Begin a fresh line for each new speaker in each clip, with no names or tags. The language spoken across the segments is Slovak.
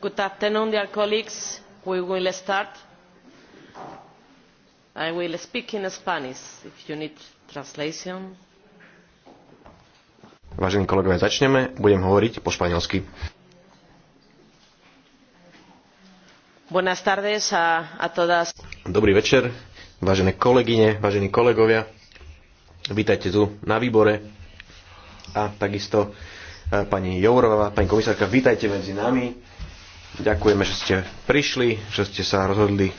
Good afternoon, dear colleagues. We will start. I will speak in Spanish if you need translation.
Vážení kolegovia, začneme. Budem hovoriť po španielsky.
Buenas tardes a, a todas.
Dobrý večer, vážené kolegyne, vážení kolegovia. Vítajte tu na výbore a takisto e, pani Jourová, pani komisárka, vítajte medzi nami Ďakujeme, že ste prišli, že ste sa rozhodli e,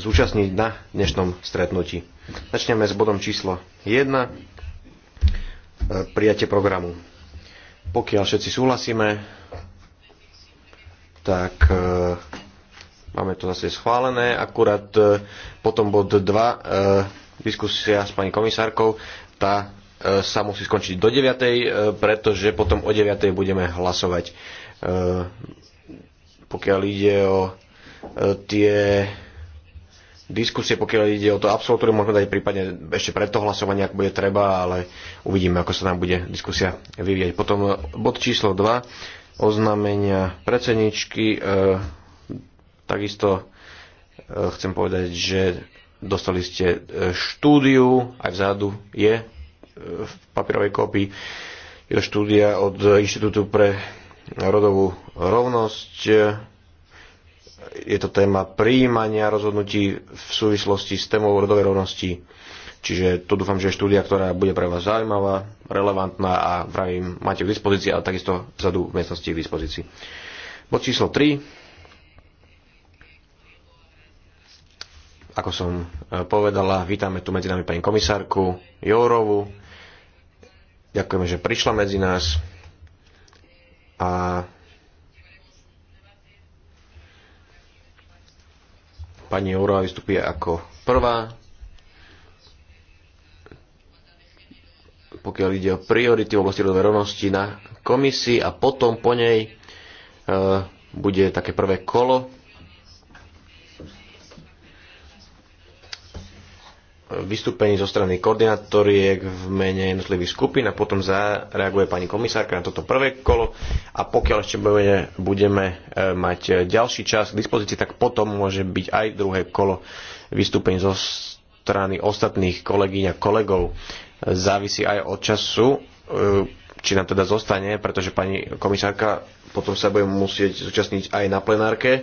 zúčastniť na dnešnom stretnutí. Začneme s bodom číslo 1, e, prijatie programu. Pokiaľ všetci súhlasíme, tak e, máme to zase schválené, akurát e, potom bod 2, e, diskusia s pani komisárkou, tá e, sa musí skončiť do 9, e, pretože potom o 9 budeme hlasovať. E, pokiaľ ide o e, tie diskusie, pokiaľ ide o to absolútne, môžeme dať prípadne ešte pred to hlasovanie, ak bude treba, ale uvidíme, ako sa nám bude diskusia vyvíjať. Potom e, bod číslo 2, oznámenia predsedničky. E, takisto e, chcem povedať, že dostali ste štúdiu, aj vzadu je v papierovej kópii, je to štúdia od Inštitútu pre rodovú rovnosť. Je to téma príjmania rozhodnutí v súvislosti s témou rodovej rovnosti. Čiže tu dúfam, že je štúdia, ktorá bude pre vás zaujímavá, relevantná a vravím, máte v dispozícii, ale takisto vzadu v miestnosti v dispozícii. Bod číslo 3. Ako som e, povedala, vítame tu medzi nami pani komisárku Jourovu. Ďakujeme, že prišla medzi nás a pani Jourová vystupuje ako prvá. pokiaľ ide o priority v oblasti rodovej rovnosti na komisii a potom po nej e, bude také prvé kolo vystúpení zo strany koordinátoriek v mene jednotlivých skupín a potom zareaguje pani komisárka na toto prvé kolo a pokiaľ ešte budeme, budeme e, mať ďalší čas k dispozícii, tak potom môže byť aj druhé kolo vystúpení zo strany ostatných kolegyň a kolegov. Závisí aj od času, e, či nám teda zostane, pretože pani komisárka potom sa bude musieť zúčastniť aj na plenárke. Uh,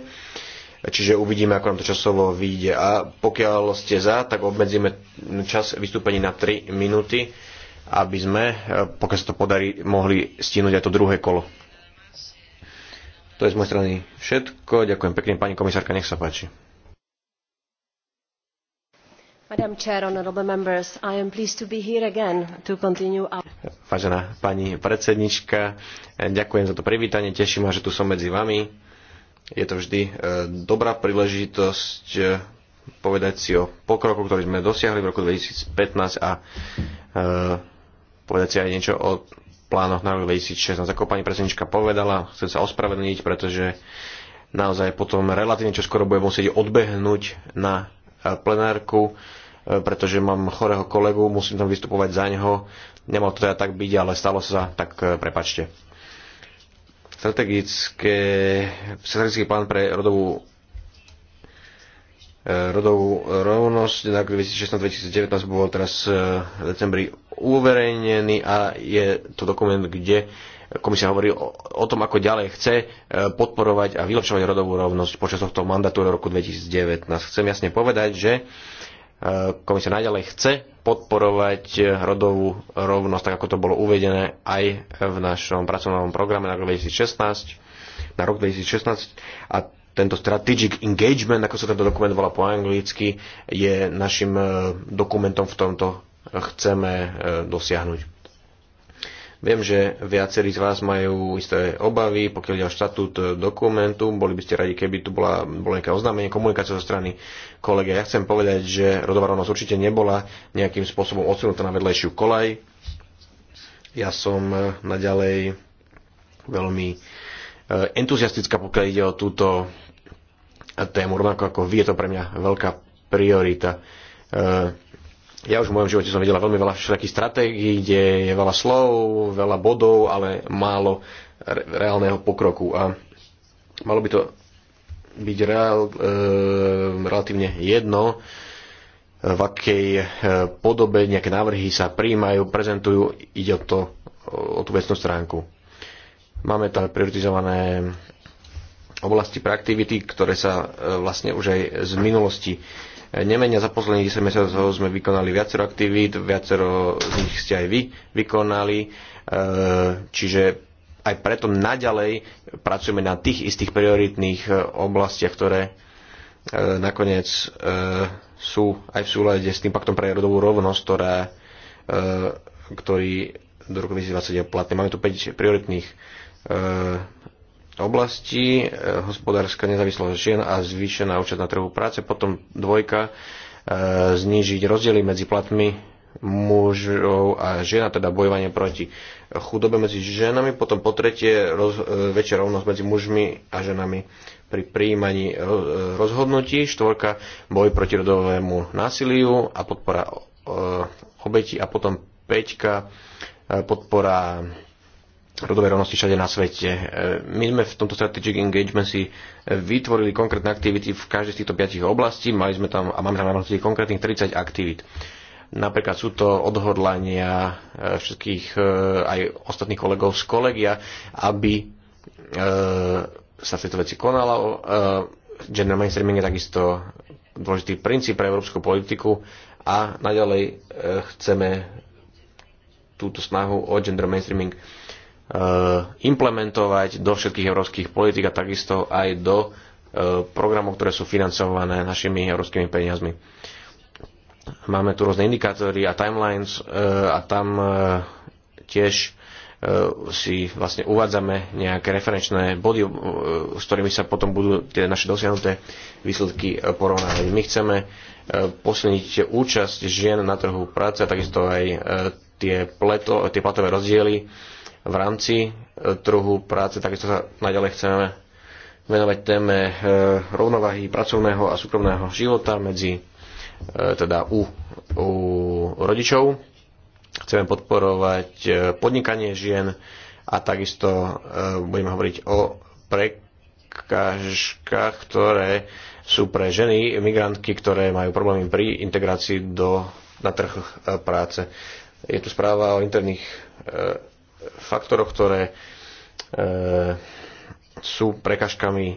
čiže uvidíme, ako nám to časovo vyjde. A pokiaľ ste za, tak obmedzíme čas vystúpení na 3 minúty, aby sme, e, pokiaľ sa to podarí, mohli stínuť aj to druhé kolo. To je z mojej strany všetko. Ďakujem pekne, pani komisárka, nech sa páči.
Madam Chair, honorable members, I am pleased to be here again to continue our...
Vážená pani predsednička, e, ďakujem za to privítanie, teším ma, že tu som medzi vami je to vždy e, dobrá príležitosť e, povedať si o pokroku, ktorý sme dosiahli v roku 2015 a e, povedať si aj niečo o plánoch na rok 2016. Ako pani predsednička povedala, chcem sa ospravedlniť, pretože naozaj potom relatívne čo skoro budem musieť odbehnúť na plenárku, pretože mám chorého kolegu, musím tam vystupovať za neho. Nemal to teda tak byť, ale stalo sa, tak prepačte strategický plán pre rodovú e, rodovú rovnosť na 2016-2019 bol teraz e, v decembri uverejnený a je to dokument, kde komisia hovorí o, o tom, ako ďalej chce e, podporovať a vylepšovať rodovú rovnosť počas tohto mandatúra roku 2019. Chcem jasne povedať, že komisia naďalej chce podporovať rodovú rovnosť, tak ako to bolo uvedené aj v našom pracovnom programe na rok 2016, na rok 2016 a tento strategic engagement, ako sa tento dokument volá po anglicky, je našim eh, dokumentom v tomto chceme eh, dosiahnuť. Viem, že viacerí z vás majú isté obavy, pokiaľ ide o štatút e, dokumentu. Boli by ste radi, keby tu bola, bolo nejaké oznámenie, komunikácia zo strany kolegia. Ja chcem povedať, že rodová rovnosť určite nebola nejakým spôsobom odsunutá na vedlejšiu kolaj. Ja som e, naďalej veľmi e, entuziastická, pokiaľ ide o túto tému. Rovnako ako vy je to pre mňa veľká priorita ja už v mojom živote som videla veľmi veľa všetkých stratégií, kde je veľa slov, veľa bodov, ale málo re- reálneho pokroku. A malo by to byť reál, e, relatívne jedno, v akej e, podobe nejaké návrhy sa príjmajú, prezentujú, ide o, to, o tú vecnú stránku. Máme tam prioritizované oblasti pre aktivity, ktoré sa e, vlastne už aj z minulosti nemenia. Za posledných 10 mesiacov sme vykonali viacero aktivít, viacero z nich ste aj vy vykonali, e, čiže aj preto naďalej pracujeme na tých istých prioritných e, oblastiach, ktoré e, nakoniec sú aj v súlade s tým paktom pre rodovú rovnosť, ktoré, ktorý do roku 2020 je platný. Máme tu 5 prioritných oblasti, e, hospodárska nezávislosť žien a zvýšená účasť na trhu práce, potom dvojka, e, znížiť rozdiely medzi platmi mužov a žena, teda bojovanie proti chudobe medzi ženami, potom po tretie roz, e, väčšia rovnosť medzi mužmi a ženami pri príjmaní rozhodnutí, štvorka boj proti rodovému násiliu a podpora obeti a potom peťka podpora rodovej rovnosti všade na svete. E, my sme v tomto strategic engagement si e, vytvorili konkrétne aktivity v každej z týchto piatich oblastí. Mali sme tam a máme tam na konkrétnych 30 aktivít. Napríklad sú to odhodlania e, všetkých aj ostatných kolegov z kolegia, aby sa v tejto veci konalo. Gender mainstreaming je takisto dôležitý princíp pre európsku politiku a naďalej chceme túto snahu o gender mainstreaming Eh, implementovať do všetkých európskych politik a takisto aj do eh, programov, ktoré sú financované našimi európskymi peniazmi. Máme tu rôzne indikátory a timelines eh, a tam tiež si vlastne uvádzame nejaké referenčné body, s ktorými sa potom budú tie naše dosiahnuté výsledky porovnávať. My chceme posilniť účasť žien na trhu práce a takisto aj tie, pleto, tie platové rozdiely v rámci e, trhu práce. Takisto sa naďalej chceme venovať téme e, rovnováhy pracovného a súkromného života medzi e, teda u, u rodičov. Chceme podporovať podnikanie žien a takisto budeme hovoriť o prekážkach, ktoré sú pre ženy, migrantky, ktoré majú problémy pri integrácii do, na trh práce. Je tu správa o interných faktoroch, ktoré e, sú prekažkami e,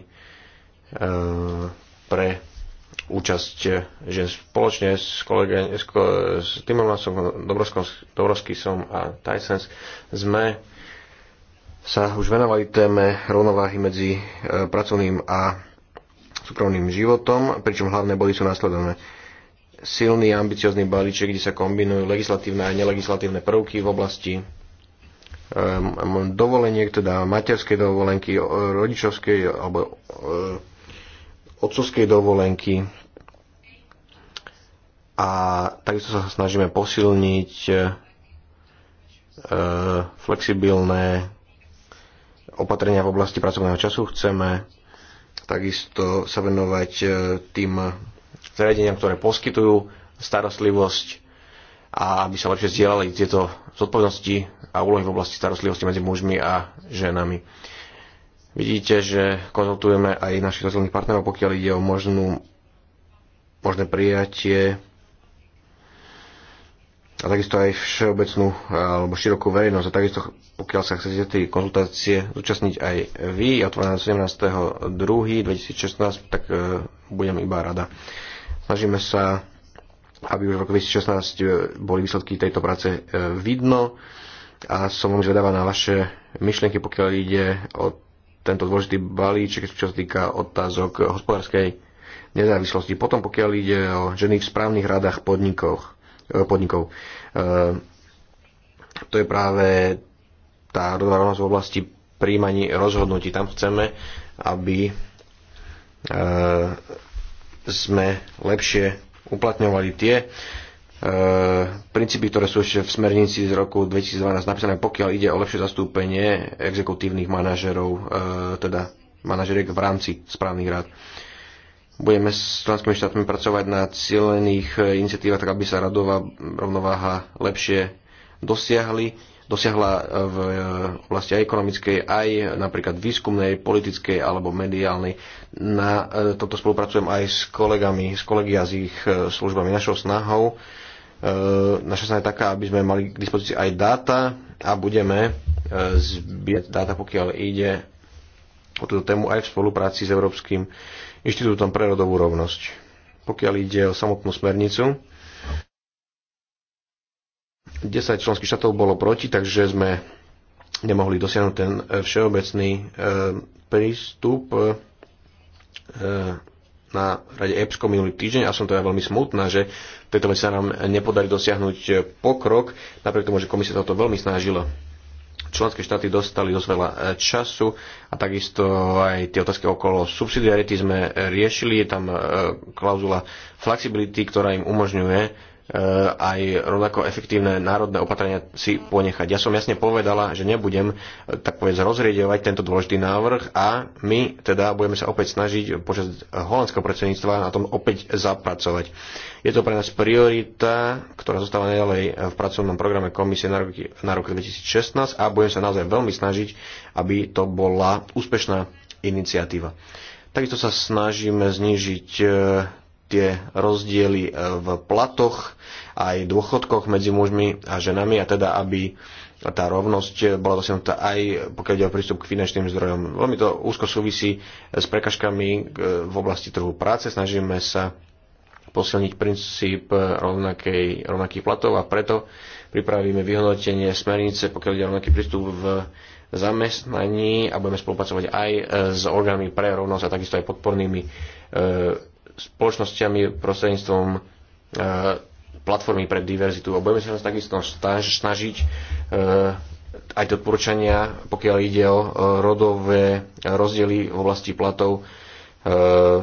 pre účasť žen spoločne s, kolegami s, s Timmermansom, Dobrovským a Tysons sme sa už venovali téme rovnováhy medzi e, pracovným a súkromným životom, pričom hlavné body sú následovné. Silný a ambiciozný balíček, kde sa kombinujú legislatívne a nelegislatívne prvky v oblasti Ehm, dovoleniek, teda materskej dovolenky, rodičovskej alebo e, otcovskej dovolenky. A takisto sa snažíme posilniť e, flexibilné opatrenia v oblasti pracovného času. Chceme takisto sa venovať e, tým zariadeniam, ktoré poskytujú starostlivosť a aby sa lepšie zdieľali tieto zodpovednosti a úlohy v oblasti starostlivosti medzi mužmi a ženami. Vidíte, že konzultujeme aj našich rozdielných partnerov, pokiaľ ide o možnú, možné prijatie a takisto aj všeobecnú eh, alebo širokú verejnosť. A takisto, pokiaľ sa chcete tej konzultácie zúčastniť aj vy, to 17.2.2016, tak eh, budem iba rada. Snažíme sa aby už v roku 2016 e, boli výsledky tejto práce e, vidno a som veľmi zvedavá na vaše myšlienky, pokiaľ ide o tento dôležitý balíček, čo sa týka otázok hospodárskej nezávislosti. Potom, pokiaľ ide o ženy v správnych radách e, podnikov, podnikov to je práve tá rodová rovnosť v oblasti príjmaní rozhodnutí. Tam chceme, aby sme lepšie uplatňovali tie e, princípy, ktoré sú ešte v smernici z roku 2012 napísané, pokiaľ ide o lepšie zastúpenie exekutívnych manažerov, e, teda manažeriek v rámci správnych rád. Budeme s členskými štátmi pracovať na cieľených e, iniciatívach, tak aby sa radová rovnováha lepšie dosiahli dosiahla e, v e, oblasti aj ekonomickej, aj napríklad výskumnej, politickej alebo mediálnej. Na e, toto spolupracujem aj s kolegami, s kolegia z ich službami. Našou snahou, naša snaha je taká, aby sme mali k dispozícii aj dáta a budeme zbierať dáta, pokiaľ ide o túto tému aj v spolupráci s Európskym inštitútom pre rodovú rovnosť. Pokiaľ ide o samotnú smernicu, 10 členských štátov bolo proti, takže sme nemohli dosiahnuť ten e, všeobecný e, prístup e, na rade EPSCO minulý týždeň a som teda veľmi smutná, že v tejto veci sa nám nepodarí dosiahnuť pokrok, napriek tomu, že komisia toto veľmi snažila. Členské štáty dostali dosť veľa času a takisto aj tie otázky okolo subsidiarity sme riešili. Je tam klauzula flexibility, ktorá im umožňuje Eh, aj rovnako efektívne národné opatrenia si ponechať. Ja som jasne povedala, že nebudem eh, tak povedz rozriedovať tento dôležitý návrh a my teda budeme sa opäť snažiť počas holandského predsedníctva na tom opäť zapracovať. Je to pre nás priorita, ktorá zostáva najďalej eh, v pracovnom programe komisie na rok, na rok 2016 a budem sa naozaj veľmi snažiť, aby to bola úspešná iniciatíva. Takisto sa snažíme znížiť tie rozdiely eh, v platoch aj dôchodkoch medzi mužmi a ženami a teda, aby tá rovnosť eh, bola dosiahnutá aj pokiaľ ide o prístup k finančným zdrojom. Veľmi to úzko súvisí eh, s prekažkami v oblasti trhu práce. Snažíme sa posilniť princíp rovnakej, rovnakých platov a preto pripravíme vyhodnotenie smernice, pokiaľ ide o rovnaký prístup v zamestnaní a budeme spolupracovať aj s orgánmi pre rovnosť a takisto aj podpornými spoločnosťami prostredníctvom e, platformy pre diverzitu. A budeme sa takisto snažiť e, aj odporúčania, pokiaľ ide o e, rodové rozdiely v oblasti platov. E,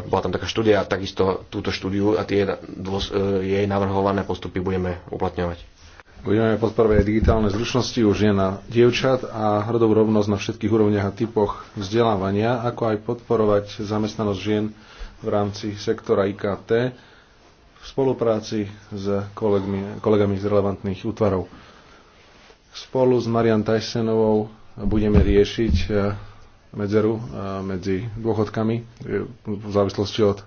bola tam taká štúdia a takisto túto štúdiu a tie dôs, e, jej navrhované postupy budeme uplatňovať. Budeme podporovať digitálne zručnosti už nie na dievčat a rodovú rovnosť na všetkých úrovniach a typoch vzdelávania, ako aj podporovať zamestnanosť žien v rámci sektora IKT v spolupráci s kolegmi, kolegami z relevantných útvarov. Spolu s Marian Tajsenovou budeme riešiť e, medzeru e, medzi dôchodkami e, v závislosti od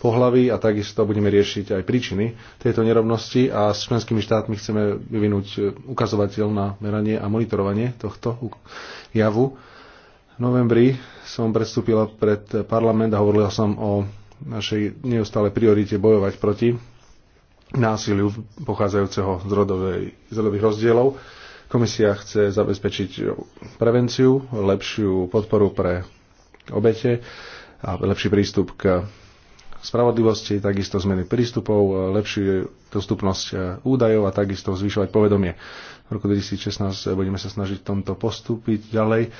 pohlaví a takisto budeme riešiť aj príčiny tejto nerovnosti a s členskými štátmi chceme vyvinúť ukazovateľ na meranie a monitorovanie tohto javu novembri som predstúpila pred parlament a hovorila som o našej neustále priorite bojovať proti násiliu pochádzajúceho z, rodovej, z rodových rozdielov. Komisia chce zabezpečiť prevenciu, lepšiu podporu pre obete a lepší prístup k spravodlivosti, takisto zmeny prístupov, lepšiu dostupnosť údajov a takisto zvyšovať povedomie. V roku 2016 budeme sa snažiť v tomto postúpiť ďalej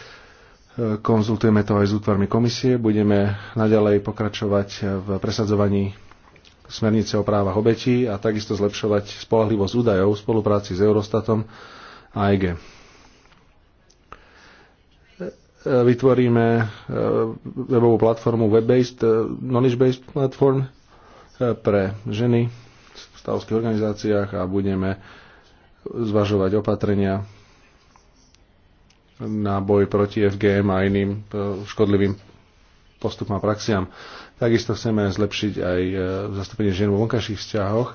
Konzultujeme to aj s útvarmi komisie. Budeme naďalej pokračovať v presadzovaní smernice o právach obetí a takisto zlepšovať spolahlivosť údajov v spolupráci s Eurostatom a EG. Vytvoríme eh, webovú platformu web-based, eh, knowledge-based platform eh, pre ženy v stavovských organizáciách a budeme zvažovať opatrenia na boj proti FGM a iným e, škodlivým postupom a praxiam. Takisto chceme zlepšiť aj e, zastúpenie žien vo vonkajších vzťahoch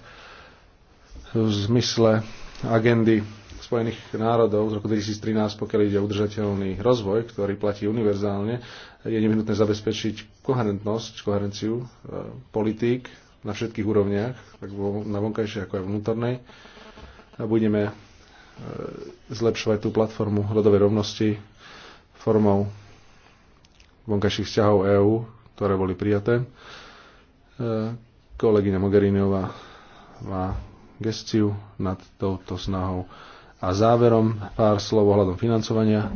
v zmysle agendy Spojených národov z roku 2013, pokiaľ ide o udržateľný rozvoj, ktorý platí univerzálne, je nevyhnutné zabezpečiť koherentnosť, koherenciu e, politík na všetkých úrovniach, tak na vonkajšej ako aj vnútornej. A budeme E, zlepšovať tú platformu rodovej rovnosti formou vonkajších vzťahov EÚ, ktoré boli prijaté. E, kolegyňa Mogheriniová má gestiu nad touto snahou. A záverom pár slov ohľadom financovania.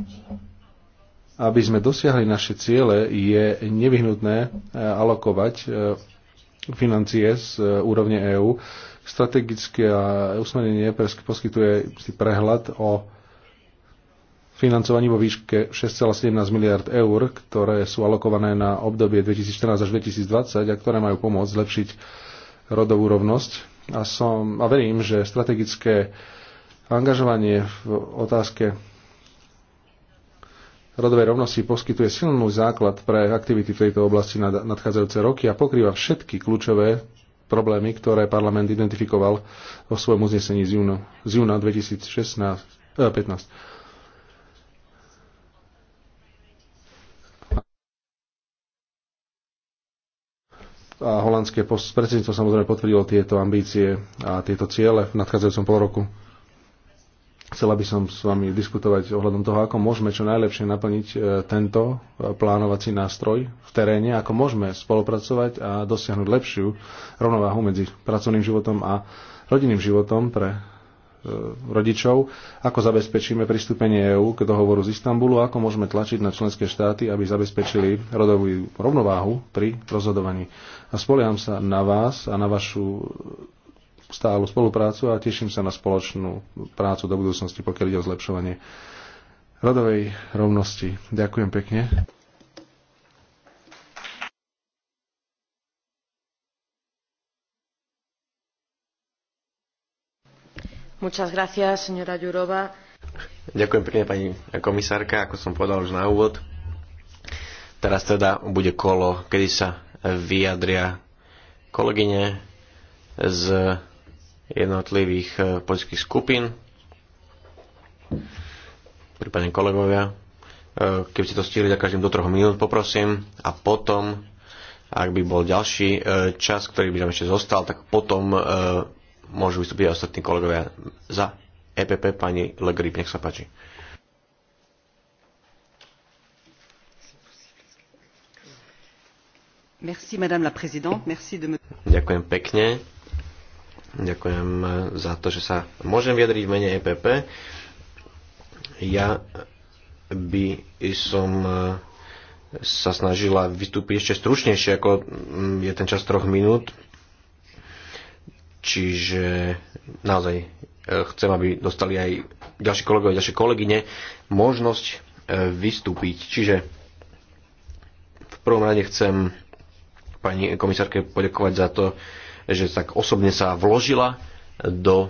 Aby sme dosiahli naše ciele, je nevyhnutné e, alokovať financie z úrovne EÚ. Strategické usmernenie poskytuje si prehľad o financovaní vo výške 6,17 miliard eur, ktoré sú alokované na obdobie 2014 až 2020 a ktoré majú pomôcť zlepšiť rodovú rovnosť. A, som, a verím, že strategické angažovanie v otázke rodovej rovnosti poskytuje silný základ pre aktivity v tejto oblasti na nadchádzajúce roky a pokrýva všetky kľúčové problémy, ktoré parlament identifikoval vo svojom uznesení z júna, z júna 2016, eh, 15. A holandské predsedníctvo samozrejme potvrdilo tieto ambície a tieto ciele v nadchádzajúcom pol roku. Chcela by som s vami diskutovať ohľadom toho, ako môžeme čo najlepšie naplniť e, tento e, plánovací nástroj v teréne, ako môžeme spolupracovať a dosiahnuť lepšiu rovnováhu medzi pracovným životom a rodinným životom pre e, rodičov, ako zabezpečíme pristúpenie EÚ k dohovoru z Istanbulu, ako môžeme tlačiť na členské štáty, aby zabezpečili rodovú rovnováhu pri rozhodovaní. A spolieham sa na vás a na vašu stálu spoluprácu a teším sa na spoločnú prácu do budúcnosti, pokiaľ ide o zlepšovanie rodovej rovnosti. Ďakujem pekne.
Gracias,
Ďakujem pekne, pani komisárka, ako som povedal už na úvod. Teraz teda bude kolo, kedy sa vyjadria kolegyne z jednotlivých e, politických skupín, prípadne kolegovia. E, keby ste to stihli za každým do troch minút, poprosím. A potom, ak by bol ďalší e, čas, ktorý by nám ešte zostal, tak potom môžu vystúpiť ostatní kolegovia za EPP pani Legrip, nech sa páči.
Merci, madame la présidente. Merci de me...
Ďakujem pekne. Ďakujem za to, že sa môžem vyjadriť v mene EPP. Ja by som e, sa snažila vystúpiť ešte stručnejšie, ako mm, je ten čas troch minút. Čiže naozaj e, chcem, aby dostali aj ďalší kolegovia, ďalšie kolegyne možnosť e, vystúpiť. Čiže v prvom rade chcem pani komisárke poďakovať za to, že tak osobne sa vložila do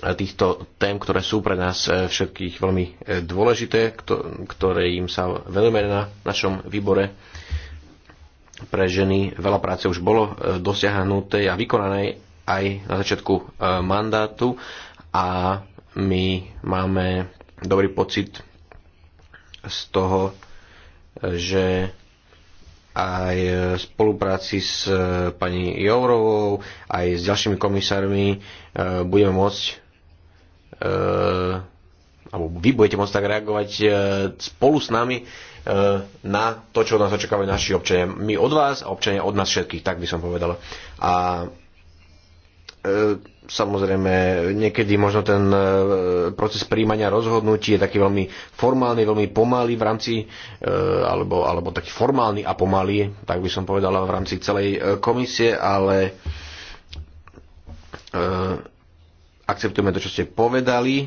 týchto tém, ktoré sú pre nás eh, všetkých veľmi eh, dôležité, ktoré im sa venujeme na našom výbore pre ženy. Veľa práce už bolo eh, dosiahnuté a vykonané aj na začiatku mandátu a my máme dobrý pocit z toho, že aj v e, spolupráci s e, pani Jourovou, aj s ďalšími komisármi e, budeme môcť alebo vy budete môcť tak reagovať spolu s nami na to, čo od nás očakávajú naši občania. My od vás a občania od nás všetkých, tak by som povedala. A E, samozrejme, niekedy možno ten e, proces príjmania rozhodnutí je taký veľmi formálny, veľmi pomalý v rámci, e, alebo, alebo taký formálny a pomalý, tak by som povedala, v rámci celej komisie, ale akceptujeme to, čo ste povedali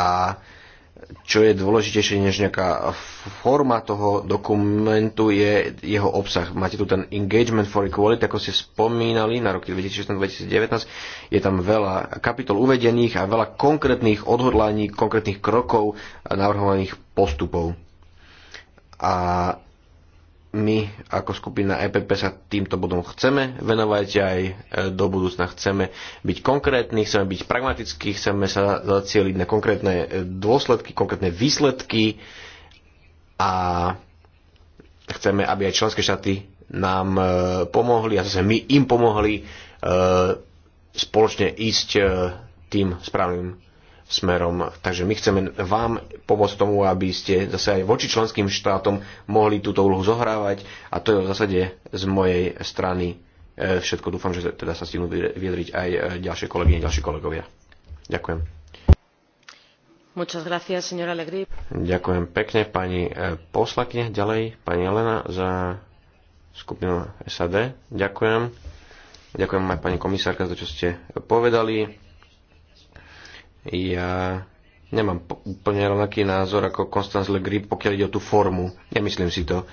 a čo je dôležitejšie než nejaká forma toho dokumentu, je jeho obsah. Máte tu ten Engagement for Equality, ako ste spomínali, na roky 2016-2019. Je tam veľa kapitol uvedených a veľa konkrétnych odhodlaní, konkrétnych krokov a navrhovaných postupov. A my ako skupina EPP sa týmto bodom chceme venovať aj e, do budúcna. Chceme byť konkrétni, chceme byť pragmatickí, chceme sa zacieliť na konkrétne e, dôsledky, konkrétne výsledky a chceme, aby aj členské štáty nám e, pomohli a zase my im pomohli spoločne ísť tým správnym smerom. Takže my chceme vám pomôcť tomu, aby ste zase aj voči členským štátom mohli túto úlohu zohrávať a to je v zásade z mojej strany e, všetko. Dúfam, že teda sa stihnú vyjadriť aj e, ďalšie kolegyne, ďalší kolegovia. Ďakujem. Muchas gracias, señora Ďakujem pekne pani e, poslakne Ďalej pani Elena za skupinu SAD. Ďakujem. Ďakujem aj pani komisárka za to, čo ste povedali ja nemám úplne rovnaký názor ako Konstanz Le Grip, pokiaľ ide o tú formu. Nemyslím si to.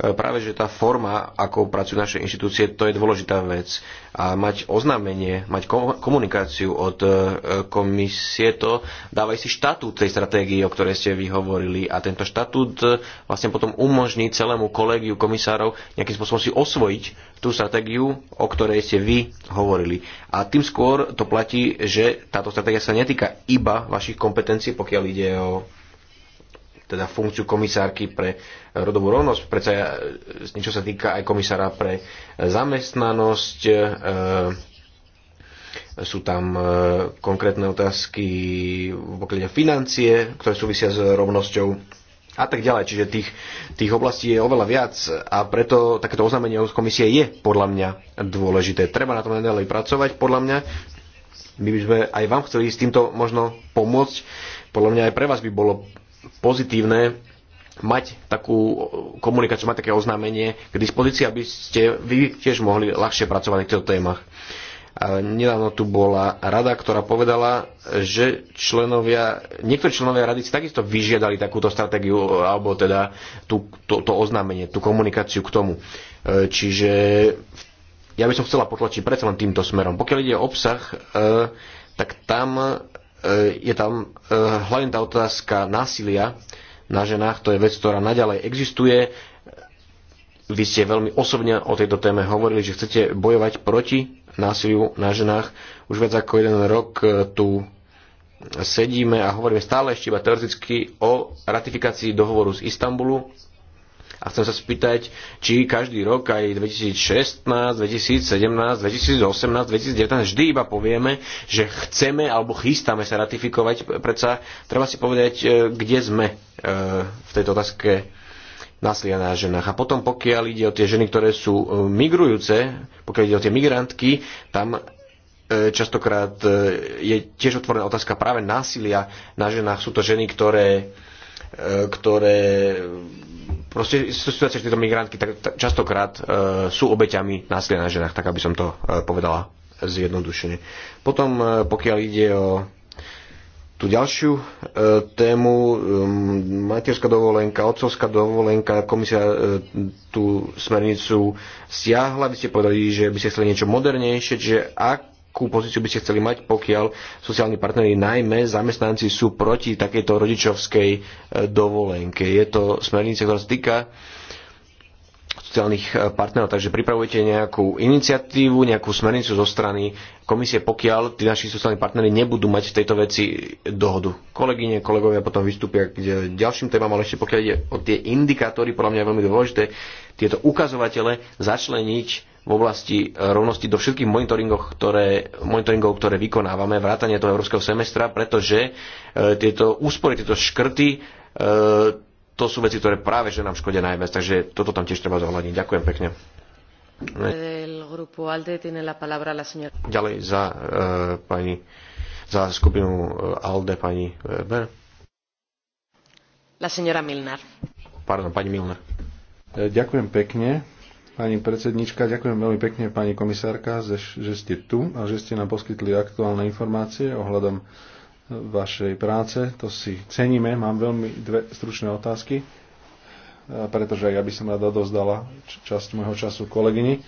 E, práve že tá forma, ako pracujú naše inštitúcie, to je dôležitá vec. A mať oznámenie, mať komunikáciu od e, komisie, to dáva si štatút tej stratégii, o ktorej ste vyhovorili. A tento štatút e, vlastne potom umožní celému kolegiu komisárov nejakým spôsobom si osvojiť tú stratégiu, o ktorej ste vy hovorili. A tým skôr to platí, že táto stratégia sa netýka iba vašich kompetencií, pokiaľ ide o teda funkciu komisárky pre rodovú rovnosť, predsa e, niečo sa týka aj komisára pre e, zamestnanosť, e, sú tam konkrétne otázky pokiaľ financie, ktoré súvisia s rovnosťou a tak ďalej. Čiže tých, tých oblastí je oveľa viac a preto takéto oznámenie od komisie je podľa mňa dôležité. Treba na tom naďalej pracovať, podľa mňa. My by sme aj vám chceli s týmto možno pomôcť. Podľa mňa aj pre vás by bolo pozitívne mať takú komunikáciu, mať také oznámenie k dispozícii, aby ste vy tiež mohli ľahšie pracovať na týchto témach. Nedávno tu bola rada, ktorá povedala, že členovia, niektorí členovia rady si takisto vyžiadali takúto stratégiu, alebo teda tú, to, to oznámenie, tú komunikáciu k tomu. E, čiže ja by som chcela potlačiť predsa len týmto smerom. Pokiaľ ide o obsah, e, tak tam E, je tam e, hlavne tá otázka násilia na ženách, to je vec, ktorá naďalej existuje. Vy ste veľmi osobne o tejto téme hovorili, že chcete bojovať proti násiliu na ženách. Už viac ako jeden rok e, tu sedíme a hovoríme stále ešte iba teoreticky o ratifikácii dohovoru z Istanbulu, a chcem sa spýtať, či každý rok aj 2016, 2017, 2018, 2019 vždy iba povieme, že chceme alebo chystáme sa ratifikovať. Predsa treba si povedať, e, kde sme e, v tejto otázke násilia na ženách. A potom pokiaľ ide o tie ženy, ktoré sú e, migrujúce, pokiaľ ide o tie migrantky, tam častokrát je tiež otvorená otázka práve násilia na ženách. Sú to ženy, ktoré E, ktoré proste situácie, že tieto migrantky tak, tak častokrát e, sú obeťami násilia na ženách, tak aby som to e, povedala zjednodušene. Potom, e, pokiaľ ide o tú ďalšiu e, tému, e, materská dovolenka, otcovská dovolenka, komisia e, tú smernicu stiahla, by ste povedali, že by ste chceli niečo modernejšie, čiže ak akú pozíciu by ste chceli mať, pokiaľ sociálni partneri, najmä zamestnanci, sú proti takejto rodičovskej eh, dovolenke. Je to smernica, ktorá sa týka sociálnych e, partnerov. Takže pripravujete nejakú iniciatívu, nejakú smernicu zo strany komisie, pokiaľ tí naši sociálni partnery nebudú mať v tejto veci dohodu. Kolegyne, kolegovia potom vystúpia k ďalším témam, ale ešte pokiaľ ide o tie indikátory, podľa mňa je veľmi dôležité tieto ukazovatele začleniť v oblasti e, rovnosti do všetkých monitoringov, ktoré, monitoringov, ktoré vykonávame, vrátanie toho európskeho semestra, pretože e, tieto úspory, tieto škrty e, to sú veci, ktoré práve že nám škodia najviac, takže toto tam tiež treba zohľadniť. Ďakujem pekne. Ďalej za, uh, pani, za skupinu e, ALDE pani Weber. La señora Milner.
Pardon, pani Milner. E, ďakujem pekne, pani predsednička, ďakujem veľmi pekne, pani komisárka, že ste tu a že ste nám poskytli aktuálne informácie ohľadom vašej práce, to si ceníme. Mám veľmi dve stručné otázky, e, pretože ja by som rada dozdala časť môjho času kolegyni.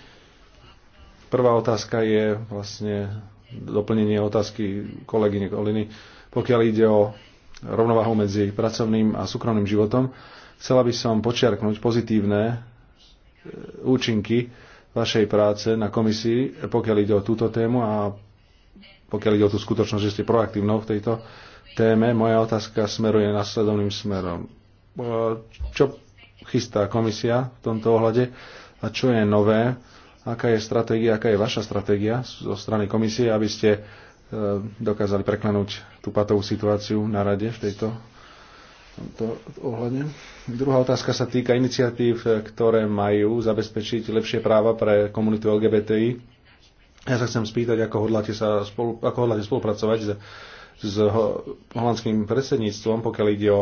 Prvá otázka je vlastne doplnenie otázky kolegyne Koliny. Pokiaľ ide o rovnováhu medzi pracovným a súkromným životom, chcela by som počiarknúť pozitívne e, účinky vašej práce na komisii, pokiaľ ide o túto tému a pokiaľ ide o tú skutočnosť, že ste proaktívnou v tejto téme. Moja otázka smeruje nasledovným smerom. E, čo chystá komisia v tomto ohľade a čo je nové? Aká je stratégia, aká je vaša stratégia zo strany komisie, aby ste e, dokázali preklenúť tú patovú situáciu na rade v tejto tomto ohľade. Druhá otázka sa týka iniciatív, ktoré majú zabezpečiť lepšie práva pre komunitu LGBTI ja sa chcem spýtať, ako hodláte, sa spolu, ako hodláte spolupracovať s, s holandským predsedníctvom, pokiaľ ide o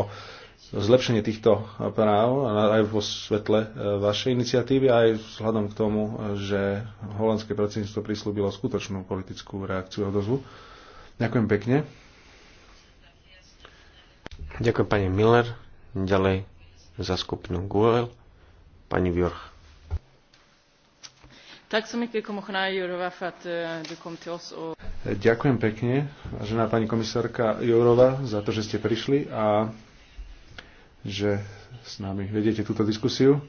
zlepšenie týchto práv aj vo svetle e, vašej iniciatívy aj vzhľadom k tomu, že holandské predsedníctvo prislúbilo skutočnú politickú reakciu a odozvu. Ďakujem pekne. Ďakujem pani Miller.
Ďalej za skupinu Google pani Vjorch.
Eh,
Ďakujem pekne, vážená pani komisárka Jourova, za to, že ste prišli a že s nami vedete túto diskusiu.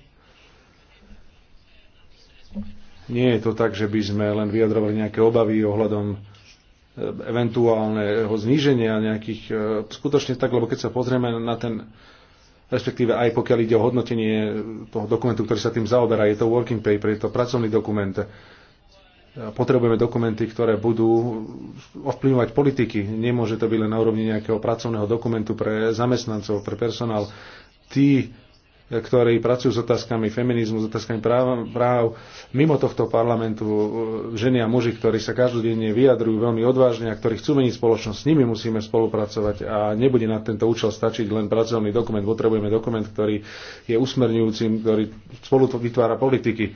Nie je to tak, že by sme len vyjadrovali nejaké obavy ohľadom eh, eventuálneho zníženia nejakých eh, skutočne tak, lebo keď sa pozrieme na ten respektíve aj pokiaľ ide o hodnotenie toho dokumentu, ktorý sa tým zaoberá, je to working paper, je to pracovný dokument. Potrebujeme dokumenty, ktoré budú ovplyvňovať politiky. Nemôže to byť len na úrovni nejakého pracovného dokumentu pre zamestnancov, pre personál. Tí ktorí pracujú s otázkami feminizmu, s otázkami práv, práv mimo tohto parlamentu, e, ženy a muži, ktorí sa každodenne vyjadrujú veľmi odvážne a ktorí chcú meniť spoločnosť, s nimi musíme spolupracovať a nebude na tento účel stačiť len pracovný dokument. Potrebujeme dokument, ktorý je usmerňujúcim, ktorý spolu vytvára politiky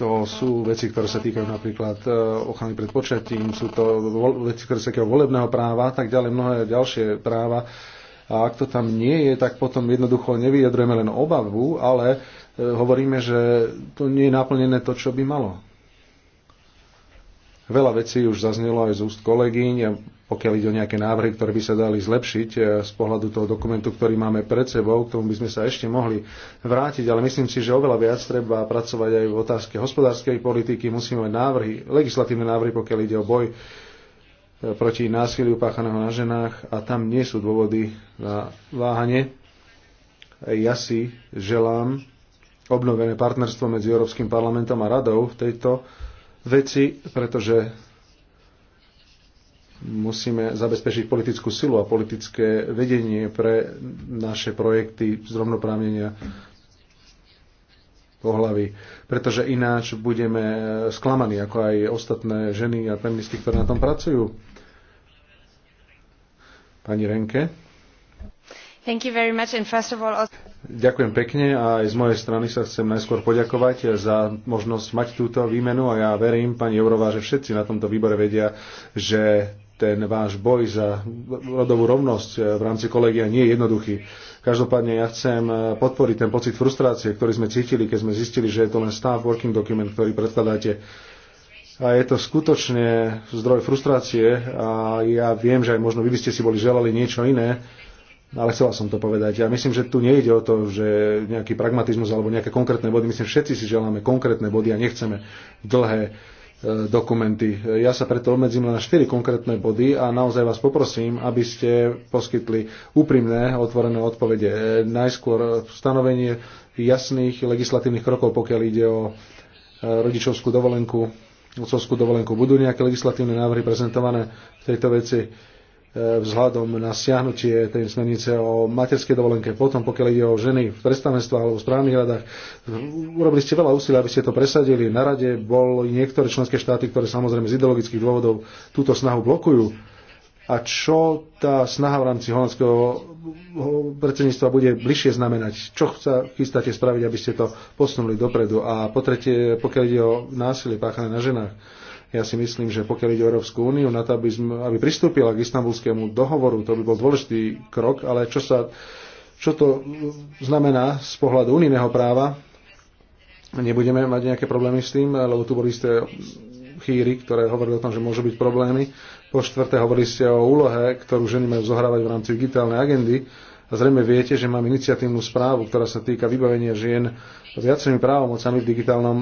to sú veci, ktoré sa týkajú napríklad e, ochrany pred počatím, sú to veci, ktoré sa týkajú volebného práva a tak ďalej, mnohé ďalšie práva a ak to tam nie je, tak potom jednoducho nevyjadrujeme len obavu, ale e, hovoríme, že to nie je naplnené to, čo by malo. Veľa vecí už zaznelo aj z úst kolegyň, pokiaľ ide o nejaké návrhy, ktoré by sa dali zlepšiť e, z pohľadu toho dokumentu, ktorý máme pred sebou, k tomu by sme sa ešte mohli vrátiť, ale myslím si, že oveľa viac treba pracovať aj v otázke hospodárskej politiky, musíme mať návrhy, legislatívne návrhy, pokiaľ ide o boj proti násiliu páchaného na ženách a tam nie sú dôvody na váhanie. Ja si želám obnovené partnerstvo medzi Európskym parlamentom a radou v tejto veci, pretože musíme zabezpečiť politickú silu a politické vedenie pre naše projekty zrovnoprávnenia pohlavy. Pretože ináč budeme sklamaní, ako aj ostatné ženy a feministky, ktoré na tom pracujú Pani Renke.
Thank you very much and first of all...
Ďakujem pekne a aj z mojej strany sa chcem najskôr poďakovať za možnosť mať túto výmenu a ja verím, pani Eurová, že všetci na tomto výbore vedia, že ten váš boj za rodovú rovnosť v rámci kolegia nie je jednoduchý. Každopádne ja chcem podporiť ten pocit frustrácie, ktorý sme cítili, keď sme zistili, že je to len staff working document, ktorý predkladáte a je to skutočne zdroj frustrácie a ja viem, že aj možno vy by ste si boli želali niečo iné, ale chcela som to povedať. Ja myslím, že tu nejde o to, že nejaký pragmatizmus alebo nejaké konkrétne body. Myslím, všetci si želáme konkrétne body a nechceme dlhé e, dokumenty. Ja sa preto obmedzím len na 4 konkrétne body a naozaj vás poprosím, aby ste poskytli úprimné, otvorené odpovede. E, najskôr stanovenie jasných legislatívnych krokov, pokiaľ ide o e, rodičovskú dovolenku otcovskú dovolenku. Budú nejaké legislatívne návrhy prezentované v tejto veci e, vzhľadom na stiahnutie tej smernice o materskej dovolenke. Potom, pokiaľ ide o ženy v predstavenstvách alebo v správnych radách, urobili ste veľa úsilia, aby ste to presadili. Na rade boli niektoré členské štáty, ktoré samozrejme z ideologických dôvodov túto snahu blokujú a čo tá snaha v rámci holandského predsedníctva bude bližšie znamenať? Čo sa chystáte spraviť, aby ste to posunuli dopredu? A po tretie, pokiaľ ide o násilie páchané na ženách, ja si myslím, že pokiaľ ide o Európsku úniu, na to, aby, sme, aby pristúpila k istambulskému dohovoru, to by bol dôležitý krok, ale čo, sa, čo to znamená z pohľadu unijného práva, nebudeme mať nejaké problémy s tým, lebo tu boli isté chýry, ktoré hovorili o tom, že môžu byť problémy. Po štvrté, hovorili ste o úlohe, ktorú ženy majú zohrávať v rámci digitálnej agendy. A zrejme viete, že mám iniciatívnu správu, ktorá sa týka vybavenia žien viacerými právomocami v digitálnom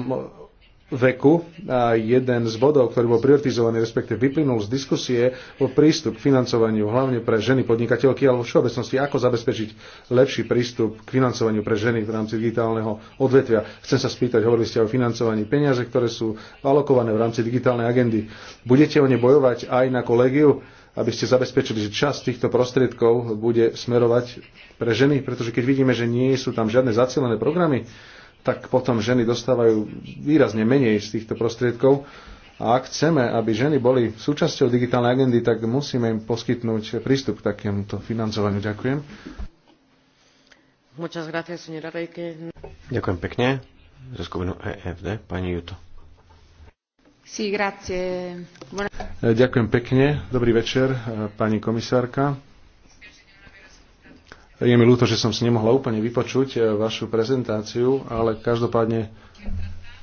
veku a jeden z bodov, ktorý bol prioritizovaný, respektíve vyplynul z diskusie o prístup k financovaniu hlavne pre ženy podnikateľky, alebo v všeobecnosti ako zabezpečiť lepší prístup k financovaniu pre ženy v rámci digitálneho odvetvia. Chcem sa spýtať, hovorili ste o financovaní peniaze, ktoré sú alokované v rámci digitálnej agendy. Budete o ne bojovať aj na kolegiu? aby ste zabezpečili, že časť týchto prostriedkov bude smerovať pre ženy, pretože keď vidíme, že nie sú tam žiadne zacielené programy, tak potom ženy dostávajú výrazne menej z týchto prostriedkov. A ak chceme, aby ženy boli súčasťou digitálnej agendy, tak musíme im poskytnúť prístup k takémuto financovaniu. Ďakujem. Ďakujem pekne. Za skupinu EFD, pani Juto. Sí, Ďakujem pekne. Dobrý večer, pani komisárka. Je mi ľúto, že som si nemohla úplne vypočuť eh, vašu prezentáciu, ale každopádne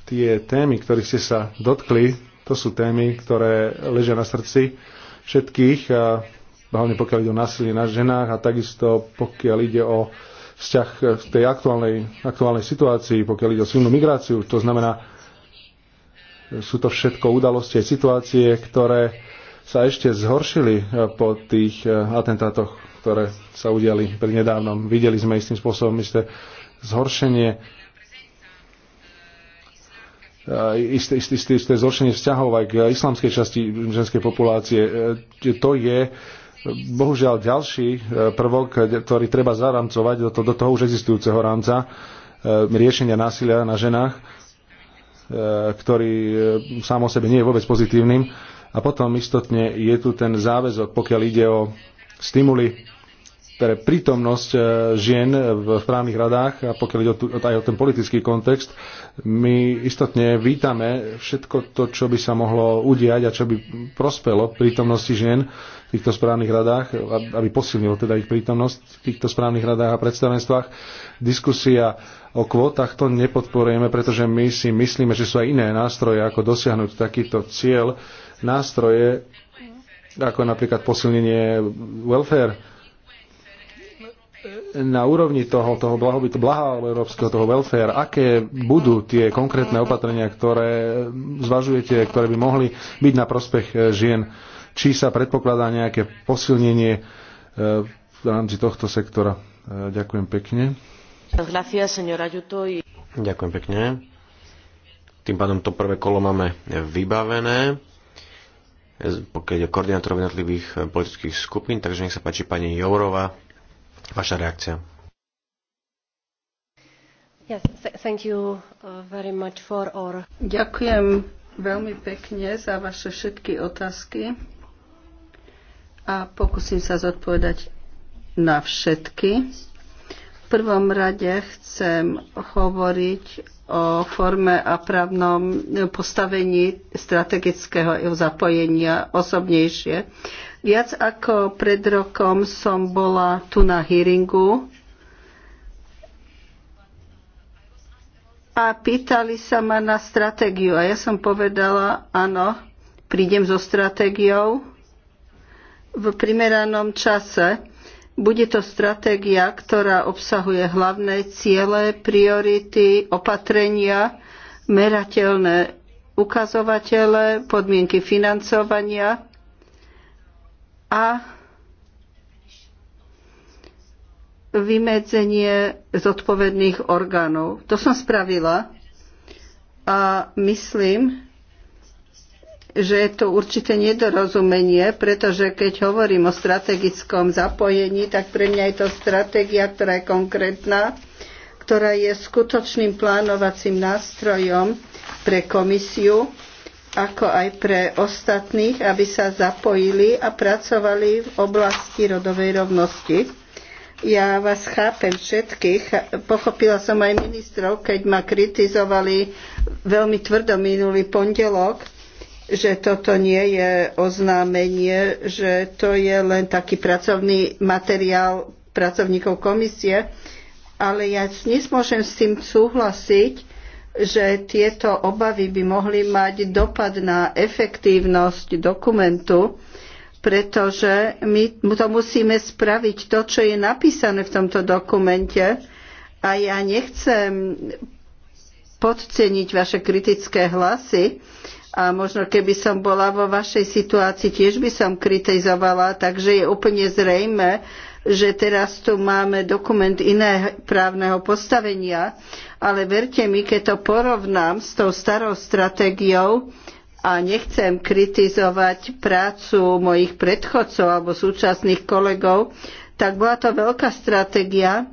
tie témy, ktorých ste sa dotkli, to sú témy, ktoré ležia na srdci všetkých, a hlavne pokiaľ ide o násilie na ženách a takisto pokiaľ ide o vzťah eh, v tej aktuálnej, aktuálnej situácii, pokiaľ ide o silnú migráciu. To znamená, sú to všetko udalosti a situácie, ktoré sa ešte zhoršili eh, po tých atentátoch ktoré sa udiali pri nedávnom. Videli sme istým spôsobom isté zhoršenie eh, isté, isté, isté, isté zhoršenie vzťahov aj k islamskej časti ženskej populácie. Eh, to je eh, bohužiaľ ďalší prvok, ktorý treba zaramcovať do, to, do toho už existujúceho rámca riešenia násilia na ženách, ktorý sám o sebe nie je vôbec pozitívnym. A potom istotne je tu ten záväzok, pokiaľ ide o stimuly pre prítomnosť e, žien v právnych radách a pokiaľ ide aj o ten politický kontext, my istotne vítame všetko to, čo by sa mohlo udiať a čo by prospelo prítomnosti žien v týchto správnych radách, aby posilnilo teda ich prítomnosť v týchto správnych radách a predstavenstvách. Diskusia o kvótach to nepodporujeme, pretože my si myslíme, že sú aj iné nástroje, ako dosiahnuť takýto cieľ. Nástroje ako napríklad posilnenie welfare. Na úrovni toho, toho blahobytu, blaha európskeho, toho welfare, aké budú tie konkrétne opatrenia, ktoré zvažujete, ktoré by mohli byť na prospech eh, žien? Či sa predpokladá nejaké posilnenie eh, v rámci tohto sektora? Eh, ďakujem pekne.
Ďakujem pekne. Tým pádom to prvé kolo máme vybavené pokiaľ je koordinátor koordinátorov jednotlivých eh, politických skupín. Takže nech sa páči pani Jourová, vaša reakcia.
Yes, thank you uh, very much for our... Ďakujem veľmi pekne za vaše všetky otázky a pokúsim sa zodpovedať na všetky. V prvom rade chcem hovoriť o forme a právnom postavení strategického jeho zapojenia osobnejšie. Viac ako pred rokom som bola tu na hearingu a pýtali sa ma na stratégiu a ja som povedala, áno, prídem so stratégiou v primeranom čase bude to stratégia, ktorá obsahuje hlavné ciele, priority, opatrenia, merateľné ukazovatele, podmienky financovania a vymedzenie zodpovedných orgánov. To som spravila a myslím, že je to určité nedorozumenie, pretože keď hovorím o strategickom zapojení, tak pre mňa je to stratégia, ktorá je konkrétna, ktorá je skutočným plánovacím nástrojom pre komisiu, ako aj pre ostatných, aby sa zapojili a pracovali v oblasti rodovej rovnosti. Ja vás chápem všetkých. Pochopila som aj ministrov, keď ma kritizovali veľmi tvrdo minulý pondelok, že toto nie je oznámenie, že to je len taký pracovný materiál pracovníkov komisie, ale ja nesmôžem s tým súhlasiť, že tieto obavy by mohli mať dopad na efektívnosť dokumentu, pretože my to musíme spraviť to, čo je napísané v tomto dokumente a ja nechcem podceniť vaše kritické hlasy, a možno keby som bola vo vašej situácii, tiež by som kritizovala, takže je úplne zrejme, že teraz tu máme dokument iného právneho postavenia, ale verte mi, keď to porovnám s tou starou stratégiou, a nechcem kritizovať prácu mojich predchodcov alebo súčasných kolegov, tak bola to veľká stratégia,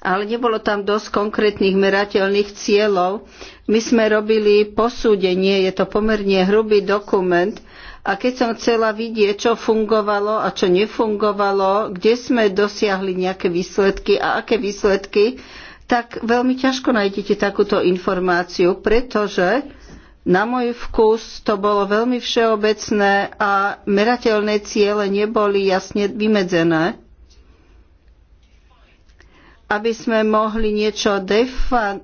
ale nebolo tam dosť konkrétnych merateľných cieľov, my sme robili posúdenie, je to pomerne hrubý dokument, a keď som chcela vidieť, čo fungovalo a čo nefungovalo, kde sme dosiahli nejaké výsledky a aké výsledky, tak veľmi ťažko nájdete takúto informáciu, pretože na môj vkus to bolo veľmi všeobecné a merateľné ciele neboli jasne vymedzené aby sme mohli niečo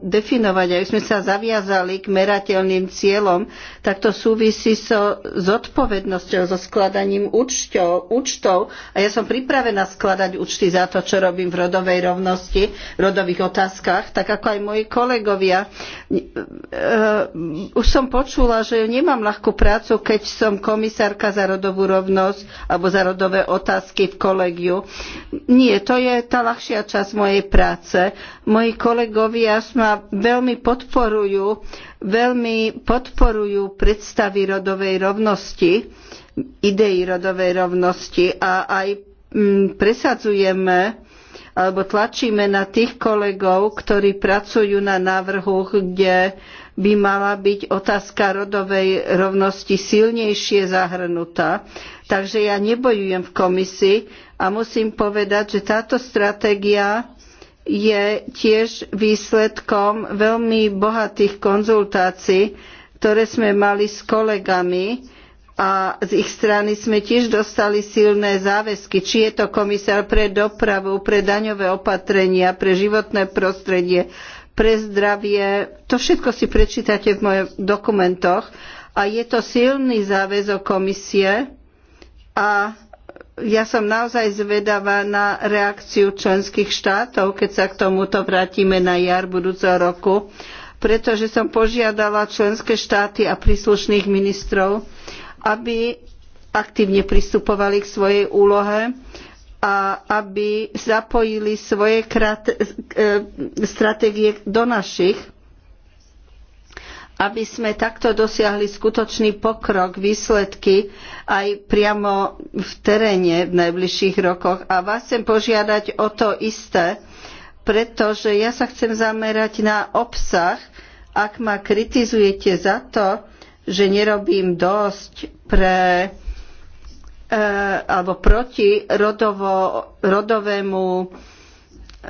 definovať, aby sme sa zaviazali k merateľným cieľom, tak to súvisí so zodpovednosťou, so skladaním účtov, účtov. A ja som pripravená skladať účty za to, čo robím v rodovej rovnosti, v rodových otázkach, tak ako aj moji kolegovia. E, už som počula, že nemám ľahkú prácu, keď som komisárka za rodovú rovnosť alebo za rodové otázky v kolegiu. Nie, to je tá ľahšia časť mojej práce práce. Moji kolegovia ma veľmi podporujú, veľmi podporujú predstavy rodovej rovnosti, idei rodovej rovnosti a aj mm, presadzujeme alebo tlačíme na tých kolegov, ktorí pracujú na návrhu, kde by mala byť otázka rodovej rovnosti silnejšie zahrnutá. Takže ja nebojujem v komisii a musím povedať, že táto stratégia je tiež výsledkom veľmi bohatých konzultácií, ktoré sme mali s kolegami a z ich strany sme tiež dostali silné záväzky, či je to komisár pre dopravu, pre daňové opatrenia, pre životné prostredie, pre zdravie. To všetko si prečítate v mojich dokumentoch a je to silný záväzok komisie a ja som naozaj zvedavá na reakciu členských štátov, keď sa k tomuto vrátime na jar budúceho roku, pretože som požiadala členské štáty a príslušných ministrov, aby aktívne pristupovali k svojej úlohe a aby zapojili svoje e, stratégie do našich aby sme takto dosiahli skutočný pokrok, výsledky aj priamo v teréne v najbližších rokoch. A vás chcem požiadať o to isté, pretože ja sa chcem zamerať na obsah. Ak ma kritizujete za to, že nerobím dosť pre eh, alebo proti rodovo, rodovému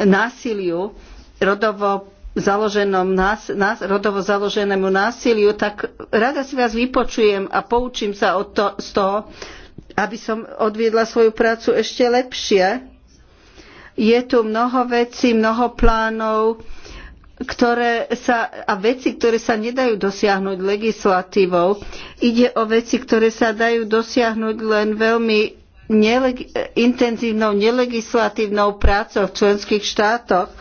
násiliu, rodovo založenom nás, nás, rodovo založenému násiliu, tak rada si vás vypočujem a poučím sa od to, z toho, aby som odviedla svoju prácu ešte lepšie. Je tu mnoho vecí, mnoho plánov, ktoré sa, a veci, ktoré sa nedajú dosiahnuť legislatívou. Ide o veci, ktoré sa dajú dosiahnuť len veľmi neleg- intenzívnou nelegislatívnou prácou v členských štátoch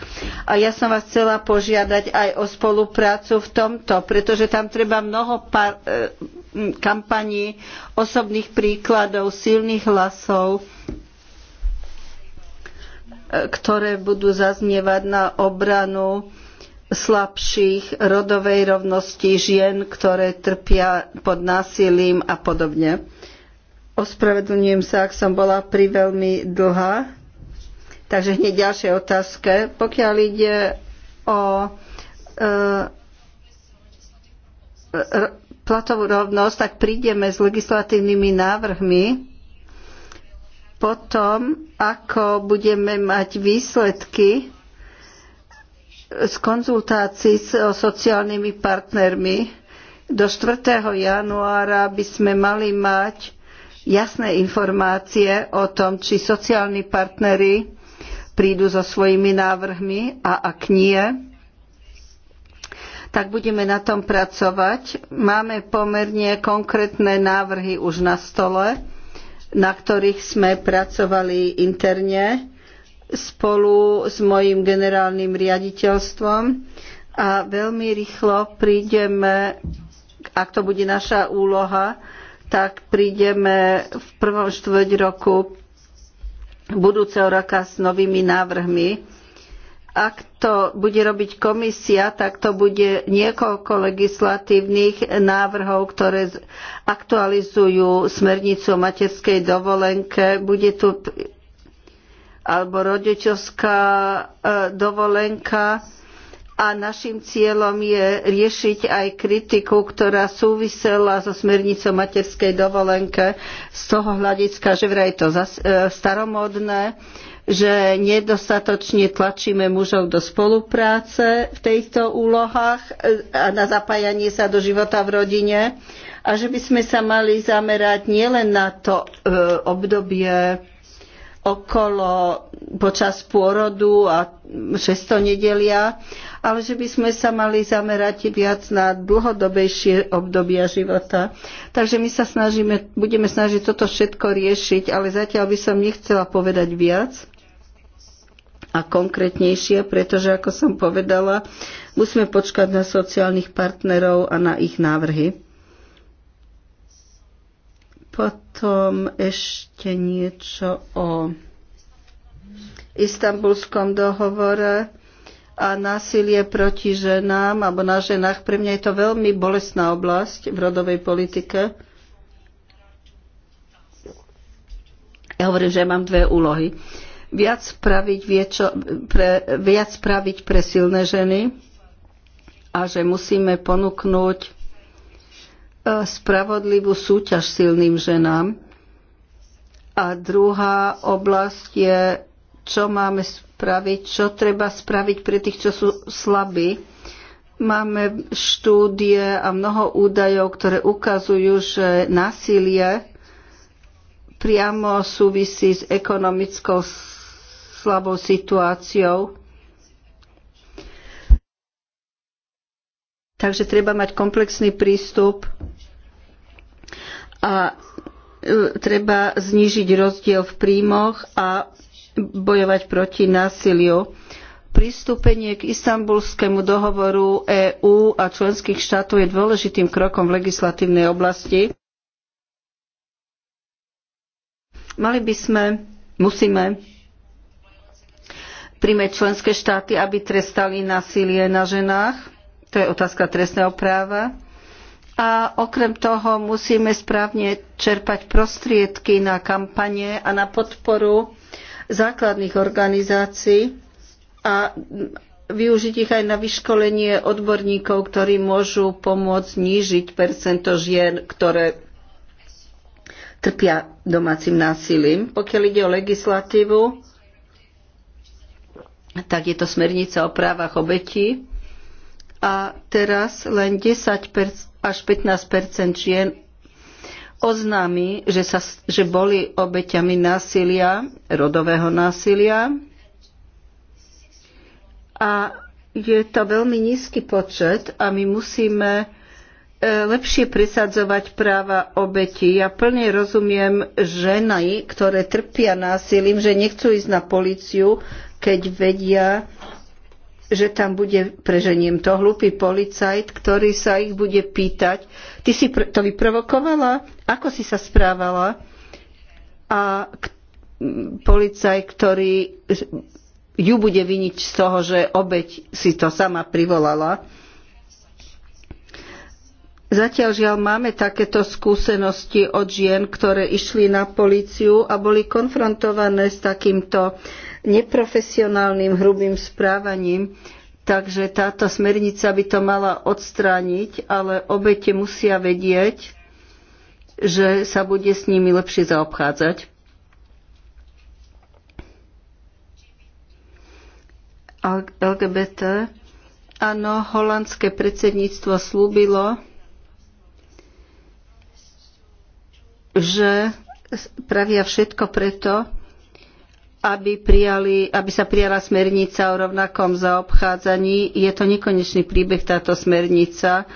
a ja som vás chcela požiadať aj o spoluprácu v tomto, pretože tam treba mnoho par- e, kampaní, osobných príkladov, silných hlasov, e, ktoré budú zaznievať na obranu slabších, rodovej rovnosti žien, ktoré trpia pod násilím a podobne. Ospravedlňujem sa, ak som bola pri veľmi dlhá. Takže hneď ďalšie otázke. Pokiaľ ide o e, platovú rovnosť, tak prídeme s legislatívnymi návrhmi potom, ako budeme mať výsledky z konzultácií so sociálnymi partnermi. Do 4. januára by sme mali mať jasné informácie o tom, či sociálni partnery prídu so svojimi návrhmi a ak nie, tak budeme na tom pracovať. Máme pomerne konkrétne návrhy už na stole, na ktorých sme pracovali interne spolu s mojim generálnym riaditeľstvom a veľmi rýchlo prídeme, ak to bude naša úloha, tak prídeme v prvom štvrť roku budúceho roka s novými návrhmi. Ak to bude robiť komisia, tak to bude niekoľko legislatívnych návrhov, ktoré aktualizujú smernicu o materskej dovolenke. Bude tu alebo rodičovská e, dovolenka a našim cieľom je riešiť aj kritiku, ktorá súvisela so smernicou materskej dovolenke z toho hľadiska, že vraj to e, staromodné, že nedostatočne tlačíme mužov do spolupráce v týchto úlohách e, a na zapájanie sa do života v rodine a že by sme sa mali zamerať nielen na to e, obdobie okolo počas pôrodu a nedelia, ale že by sme sa mali zamerať viac na dlhodobejšie obdobia života. Takže my sa snažíme, budeme snažiť toto všetko riešiť, ale zatiaľ by som nechcela povedať viac a konkrétnejšie, pretože, ako som povedala, musíme počkať na sociálnych partnerov a na ich návrhy. Potom potom ešte niečo o istambulskom dohovore a násilie proti ženám alebo na ženách. Pre mňa je to veľmi bolestná oblasť v rodovej politike. Ja hovorím, že ja mám dve úlohy. Viac spraviť, viečo, pre, viac spraviť pre silné ženy a že musíme ponúknuť spravodlivú súťaž silným ženám. A druhá oblasť je, čo máme spraviť, čo treba spraviť pre tých, čo sú slabí. Máme štúdie a mnoho údajov, ktoré ukazujú, že násilie priamo súvisí s ekonomickou slabou situáciou. Takže treba mať komplexný prístup a e, treba znížiť rozdiel v príjmoch a bojovať proti násiliu. Pristúpenie k istambulskému dohovoru EÚ a členských štátov je dôležitým krokom v legislatívnej oblasti. Mali by sme, musíme príjmeť členské štáty, aby trestali násilie na ženách. To je otázka trestného práva a okrem toho musíme správne čerpať prostriedky na kampane a na podporu základných organizácií a využiť ich aj na vyškolenie odborníkov, ktorí môžu pomôcť znížiť percento žien, ktoré trpia domácim násilím. Pokiaľ ide o legislatívu, tak je to smernica o právach obetí. A teraz len 10 až 15 žien oznámi, že, sa, že boli obeťami násilia, rodového násilia. A je to veľmi nízky počet a my musíme e, lepšie presadzovať práva obetí. Ja plne rozumiem ženy, ktoré trpia násilím, že nechcú ísť na políciu, keď vedia, že tam bude, preženiem to, hlupý policajt, ktorý sa ich bude pýtať, ty si to vyprovokovala? Ako si sa správala? A policaj, ktorý ju bude viniť z toho, že obeď si to sama privolala. Zatiaľ žiaľ máme takéto skúsenosti od žien, ktoré išli na políciu a boli konfrontované s takýmto neprofesionálnym hrubým správaním, takže táto smernica by to mala odstrániť, ale obete musia vedieť, že sa bude s nimi lepšie zaobchádzať. LGBT. Áno, holandské predsedníctvo slúbilo, že pravia všetko preto, aby, prijali, aby sa prijala smernica o rovnakom zaobchádzaní. Je to nekonečný príbeh táto smernica.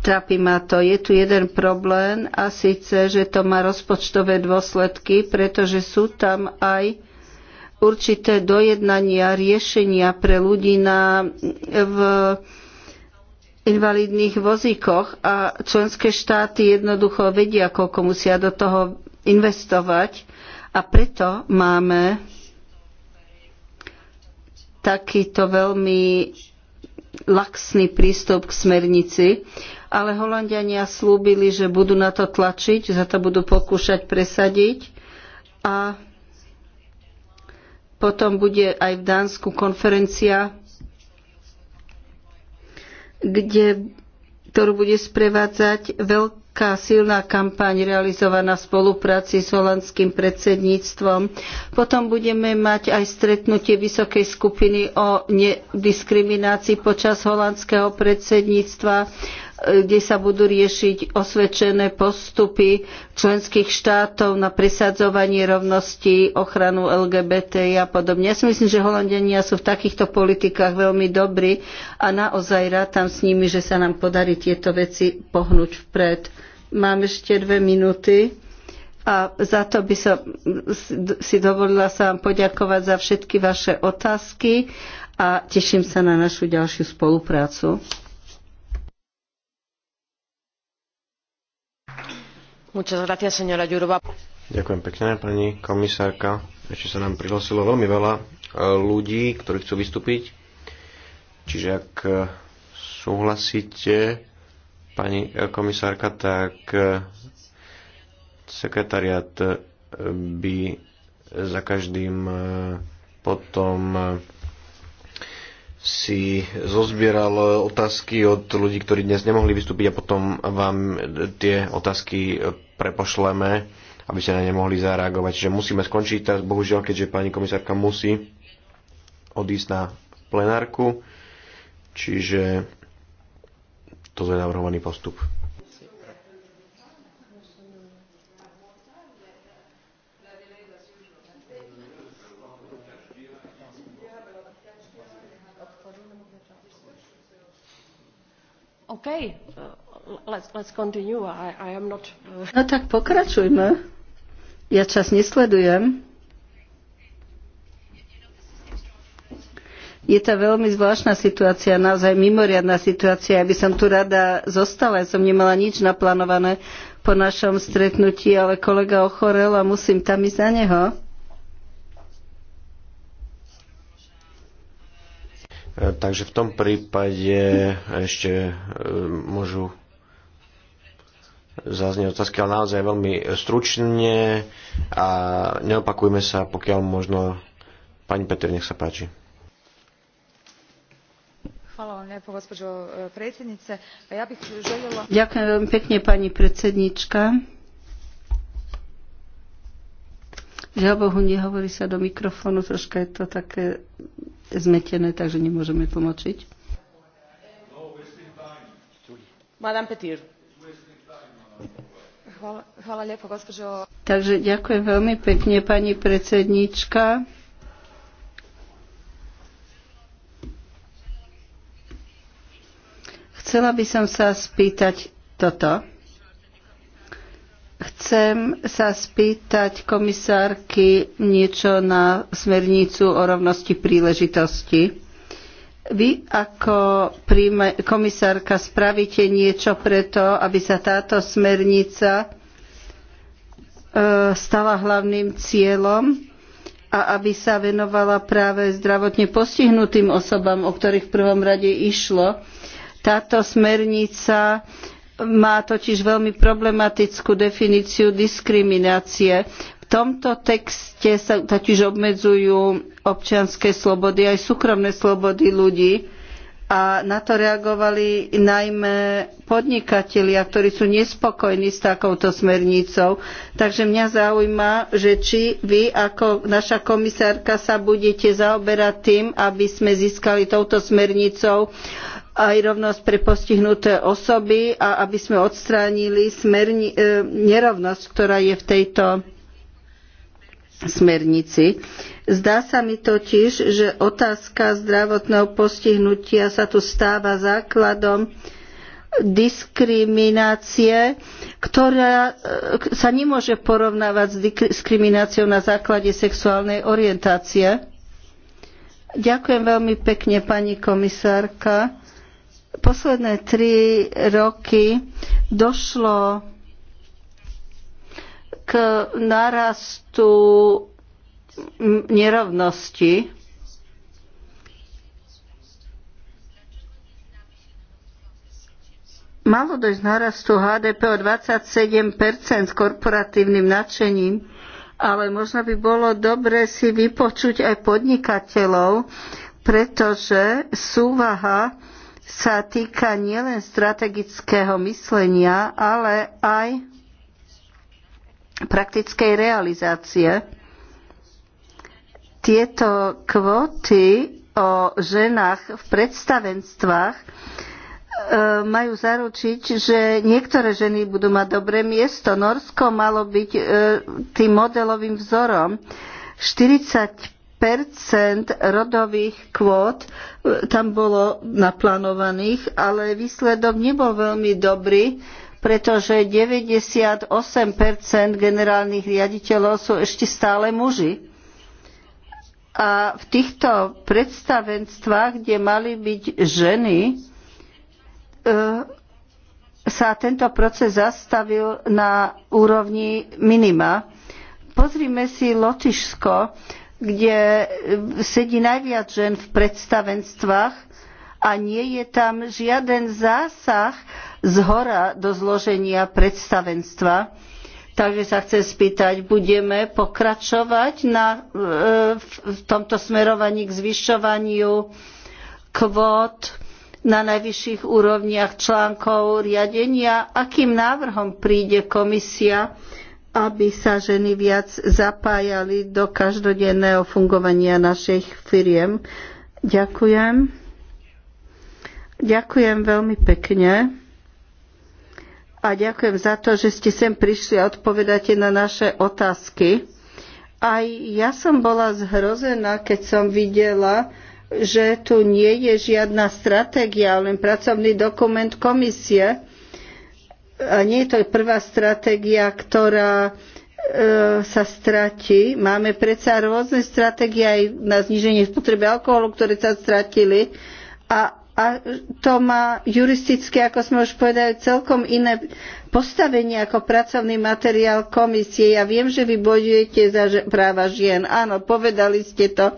Trápi ma to. Je tu jeden problém a síce, že to má rozpočtové dôsledky, pretože sú tam aj určité dojednania, riešenia pre ľudí na, v invalidných vozíkoch a členské štáty jednoducho vedia, koľko musia do toho investovať a preto máme takýto veľmi laxný prístup k smernici, ale Holandiania slúbili, že budú na to tlačiť, za to budú pokúšať presadiť a potom bude aj v Dánsku konferencia, kde, ktorú bude sprevádzať veľký veľká silná kampaň realizovaná v spolupráci s holandským predsedníctvom. Potom budeme mať aj stretnutie vysokej skupiny o nediskriminácii počas holandského predsedníctva kde sa budú riešiť osvedčené postupy členských štátov na presadzovanie rovnosti, ochranu LGBTI a podobne. Ja si myslím, že Holandenia sú v takýchto politikách veľmi dobrí a naozaj rátam s nimi, že sa nám podarí tieto veci pohnúť vpred. Mám ešte dve minúty a za to by som si dovolila sa vám poďakovať za všetky vaše otázky a teším sa na našu ďalšiu spoluprácu.
Ďakujem pekne, pani komisárka. Ešte sa nám prihlasilo veľmi veľa e, ľudí, ktorí chcú vystúpiť. Čiže ak e, súhlasíte, pani e, komisárka, tak sekretariat by za každým potom si zozbieral otázky od ľudí, ktorí dnes nemohli vystúpiť a potom vám tie otázky prepošleme, aby ste na ne mohli zareagovať. Čiže musíme skončiť teraz, bohužiaľ, keďže pani komisárka musí odísť na plenárku, čiže toto je navrhovaný postup.
Okay let's, let's continue. I, I
am not... Uh, no
tak pokračujme. Ja čas nesledujem. Je to veľmi zvláštna situácia, naozaj mimoriadná situácia. Ja by som tu rada zostala, ja som nemala nič naplánované po našom stretnutí, ale kolega ochorel a musím tam ísť za neho.
E, takže v tom prípade ešte e, môžu zaznie otázky, ale naozaj veľmi stručne a neopakujme sa, pokiaľ možno. Pani Peter, nech sa páči.
Lepo, e, ja željela... Ďakujem veľmi pekne, pani predsednička. Žiaľ Bohu, nehovorí sa do mikrofónu, troška je to také zmetené, takže nemôžeme tlmočiť. Madame Petir.
Takže ďakujem veľmi
pekne, pani predsednička. Chcela by som sa spýtať toto. Chcem sa spýtať komisárky niečo na smernicu o rovnosti príležitosti vy ako komisárka spravíte niečo preto, aby sa táto smernica e, stala hlavným cieľom a aby sa venovala práve zdravotne postihnutým osobám, o ktorých v prvom rade išlo. Táto smernica má totiž veľmi problematickú definíciu diskriminácie tomto texte sa totiž obmedzujú občianske slobody, aj súkromné slobody ľudí. A na to reagovali najmä podnikatelia, ktorí sú nespokojní s takouto smernicou. Takže mňa zaujíma, že či vy ako naša komisárka sa budete zaoberať tým, aby sme získali touto smernicou aj rovnosť pre postihnuté osoby a aby sme odstránili e, nerovnosť, ktorá je v tejto smernici. Zdá sa mi totiž, že otázka zdravotného postihnutia sa tu stáva základom diskriminácie, ktorá e, sa nemôže porovnávať s diskrimináciou na základe sexuálnej orientácie. Ďakujem veľmi pekne, pani komisárka. Posledné tri roky došlo Nárastu narastu nerovnosti. Malo dojsť narastu HDP o 27% s korporatívnym nadšením, ale možno by bolo dobre si vypočuť aj podnikateľov, pretože súvaha sa týka nielen strategického myslenia, ale aj praktickej realizácie. Tieto kvóty o ženách v predstavenstvách e, majú zaručiť, že niektoré ženy budú mať dobré miesto. Norsko malo byť e, tým modelovým vzorom. 40 rodových kvót e, tam bolo naplánovaných, ale výsledok nebol veľmi dobrý, pretože 98% generálnych riaditeľov sú ešte stále muži. A v týchto predstavenstvách, kde mali byť ženy, e, sa tento proces zastavil na úrovni minima. Pozrime si Lotyšsko, kde sedí najviac žen v predstavenstvách a nie je tam žiaden zásah zhora do zloženia predstavenstva. Takže sa chcem spýtať, budeme pokračovať na, e, v tomto smerovaní k zvyšovaniu kvót na najvyšších úrovniach článkov riadenia? Akým návrhom príde komisia, aby sa ženy viac zapájali do každodenného fungovania našich firiem? Ďakujem. Ďakujem veľmi pekne a ďakujem za to, že ste sem prišli a odpovedáte na naše otázky. Aj ja som bola zhrozená, keď som videla, že tu nie je žiadna stratégia, len pracovný dokument komisie. A nie je to prvá stratégia, ktorá e, sa stratí. Máme predsa rôzne stratégie aj na zníženie spotreby alkoholu, ktoré sa stratili. A a to má juristicky, ako sme už povedali, celkom iné postavenie ako pracovný materiál komisie. Ja viem, že vy bojujete za práva žien. Áno, povedali ste to,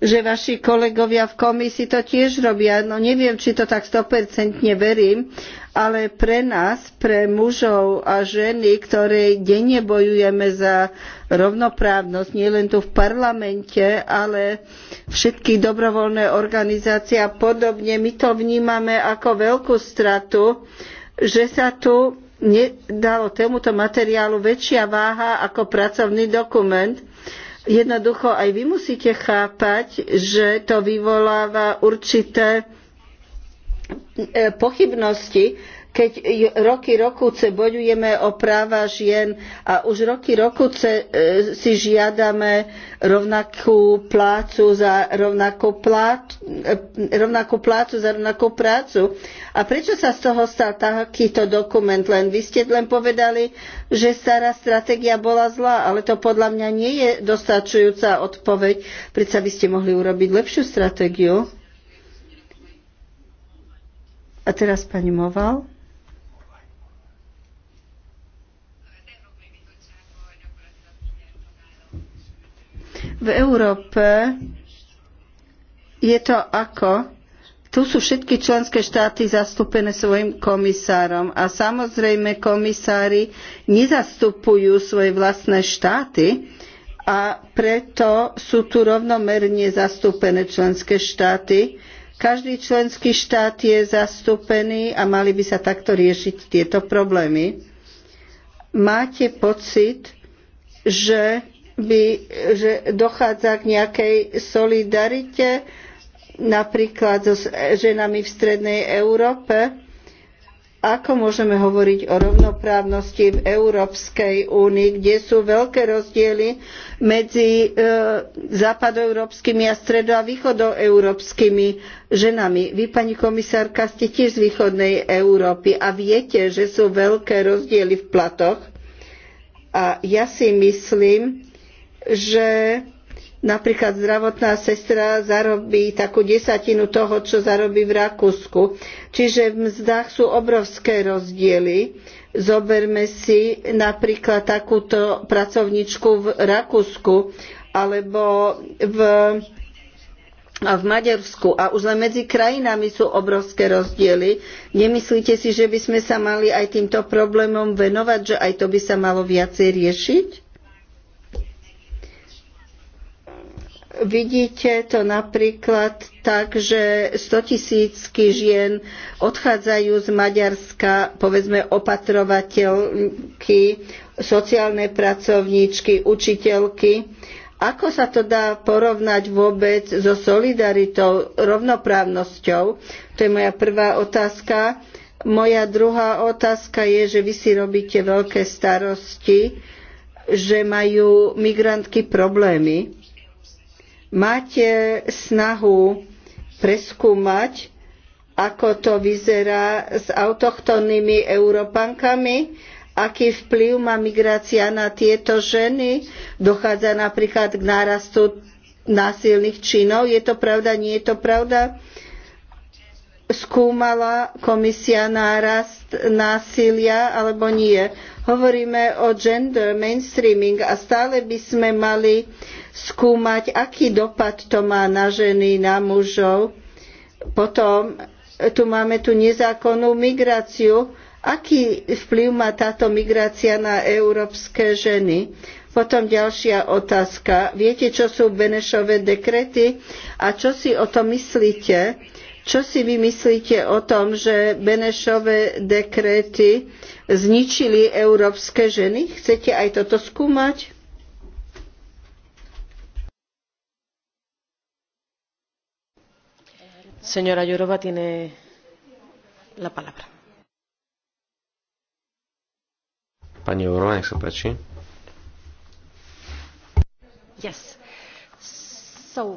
že vaši kolegovia v komisii to tiež robia. No neviem, či to tak stopercentne verím, ale pre nás, pre mužov a ženy, ktoré denne bojujeme za rovnoprávnosť, nielen tu v parlamente, ale všetky dobrovoľné organizácie a podobne, my to vnímame ako veľkú stratu, že sa tu nedalo tomuto materiálu väčšia váha ako pracovný dokument. Jednoducho aj vy musíte chápať, že to vyvoláva určité e, pochybnosti, keď roky rokuce bojujeme o práva žien a už roky rokuce e, si žiadame rovnakú plácu za rovnakú, plát, e, rovnakú plácu za rovnakú prácu. A prečo sa z toho stal takýto dokument? Len vy ste len povedali, že stará stratégia bola zlá, ale to podľa mňa nie je dostačujúca odpoveď. Prečo by ste mohli urobiť lepšiu stratégiu? A teraz pani Moval. V Európe je to ako? Tu sú všetky členské štáty zastúpené svojim komisárom a samozrejme komisári nezastupujú svoje vlastné štáty a preto sú tu rovnomerne zastúpené členské štáty. Každý členský štát je zastúpený a mali by sa takto riešiť tieto problémy. Máte pocit, že by, že dochádza k nejakej solidarite napríklad so e, ženami v strednej Európe? Ako môžeme hovoriť o rovnoprávnosti v Európskej únii, kde sú veľké rozdiely medzi e, západoeurópskymi a stredo- a východoeurópskymi ženami? Vy, pani komisárka, ste tiež z východnej Európy a viete, že sú veľké rozdiely v platoch. A ja si myslím, že napríklad zdravotná sestra zarobí takú desatinu toho, čo zarobí v Rakúsku. Čiže v mzdách sú obrovské rozdiely. Zoberme si napríklad takúto pracovničku v Rakúsku alebo v, a v Maďarsku. A už len medzi krajinami sú obrovské rozdiely. Nemyslíte si, že by sme sa mali aj týmto problémom venovať, že aj to by sa malo viacej riešiť? Vidíte to napríklad tak, že 100 tisícky žien odchádzajú z Maďarska, povedzme opatrovateľky, sociálne pracovníčky, učiteľky. Ako sa to dá porovnať vôbec so solidaritou, rovnoprávnosťou? To je moja prvá otázka. Moja druhá otázka je, že vy si robíte veľké starosti, že majú migrantky problémy Máte snahu preskúmať, ako to vyzerá s autochtónnymi Európankami, aký vplyv má migrácia na tieto ženy. Dochádza napríklad k nárastu násilných činov. Je to pravda, nie je to pravda? Skúmala komisia nárast násilia alebo nie? Hovoríme o gender mainstreaming a stále by sme mali skúmať, aký dopad to má na ženy, na mužov. Potom e, tu máme tú nezákonnú migráciu. Aký vplyv má táto migrácia na európske ženy? Potom ďalšia otázka. Viete, čo sú Benešové dekrety a čo si o to myslíte? Čo si vy myslíte o tom, že Benešové dekréty zničili európske ženy? Chcete aj toto skúmať? señora jourová tiene la palabra.
Pani Jourová, nech sa páči.
Yes. So,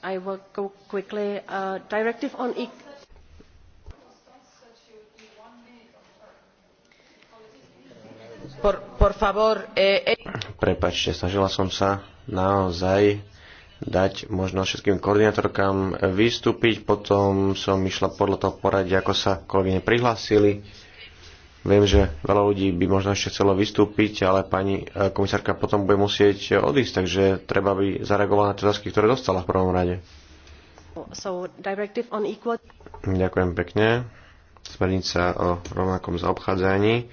I will go quickly. Uh, directive on e Por, por favor, eh, eh.
Prepačte, snažila som sa naozaj dať možno všetkým koordinátorkám vystúpiť. Potom som išla podľa toho poradia, ako sa kolegyne prihlásili. Viem, že veľa ľudí by možno ešte chcelo vystúpiť, ale pani eh, komisárka potom bude musieť odísť, takže treba by zareagovala na otázky, ktoré dostala v prvom rade.
So, equal...
Ďakujem pekne. Smernica o rovnakom zaobchádzaní.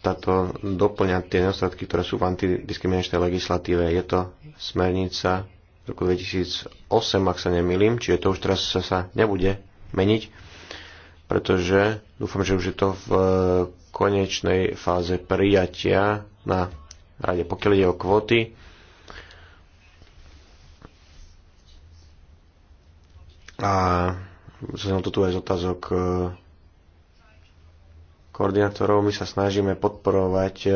Táto doplňa tie nedostatky, ktoré sú v antidiskriminačnej legislatíve. Je to smernica v roku 2008, ak sa nemýlim, čiže to už teraz sa, sa nebude meniť, pretože dúfam, že už je to v e, konečnej fáze prijatia na rade, pokiaľ ide o kvóty. A zaznel to tu aj z otázok e, koordinátorov. My sa snažíme podporovať e,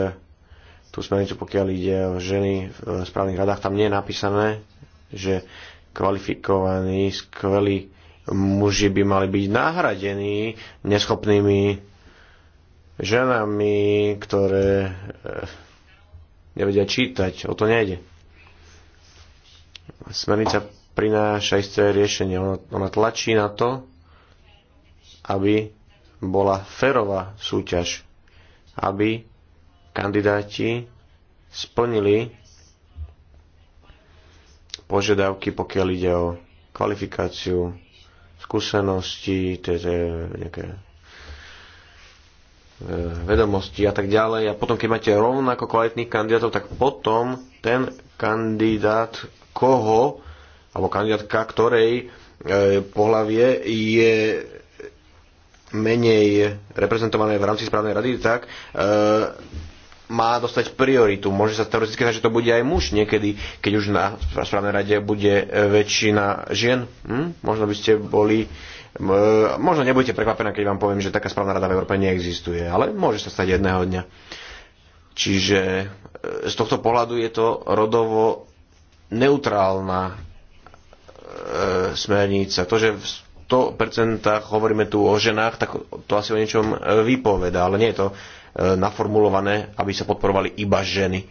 tú smernicu, pokiaľ ide o ženy v správnych radách. Tam nie je napísané, že kvalifikovaní, skvelí muži by mali byť nahradení neschopnými ženami, ktoré eh, nevedia čítať. O to nejde. Smernica prináša isté riešenie. Ona, ona tlačí na to, aby bola férová súťaž. Aby kandidáti splnili požiadavky, pokiaľ ide o kvalifikáciu, skúsenosti, teda nejaké e, vedomosti a tak ďalej. A potom, keď máte rovnako kvalitných kandidátov, tak potom ten kandidát koho, alebo kandidátka ktorej e, pohlavie je menej reprezentované v rámci správnej rady, tak e, má dostať prioritu. Môže sa teoreticky stať, že to bude aj muž niekedy, keď už na správnej rade bude e, väčšina žien. Hm? Možno by ste boli e, možno nebudete prekvapená, keď vám poviem, že taká správna rada v Európe neexistuje, ale môže sa stať jedného dňa. Čiže e, z tohto pohľadu je to rodovo neutrálna e, smernica. To, že v 100% hovoríme tu o ženách, tak to asi o niečom vypoveda, ale nie je to E, naformulované, aby sa podporovali iba ženy. E,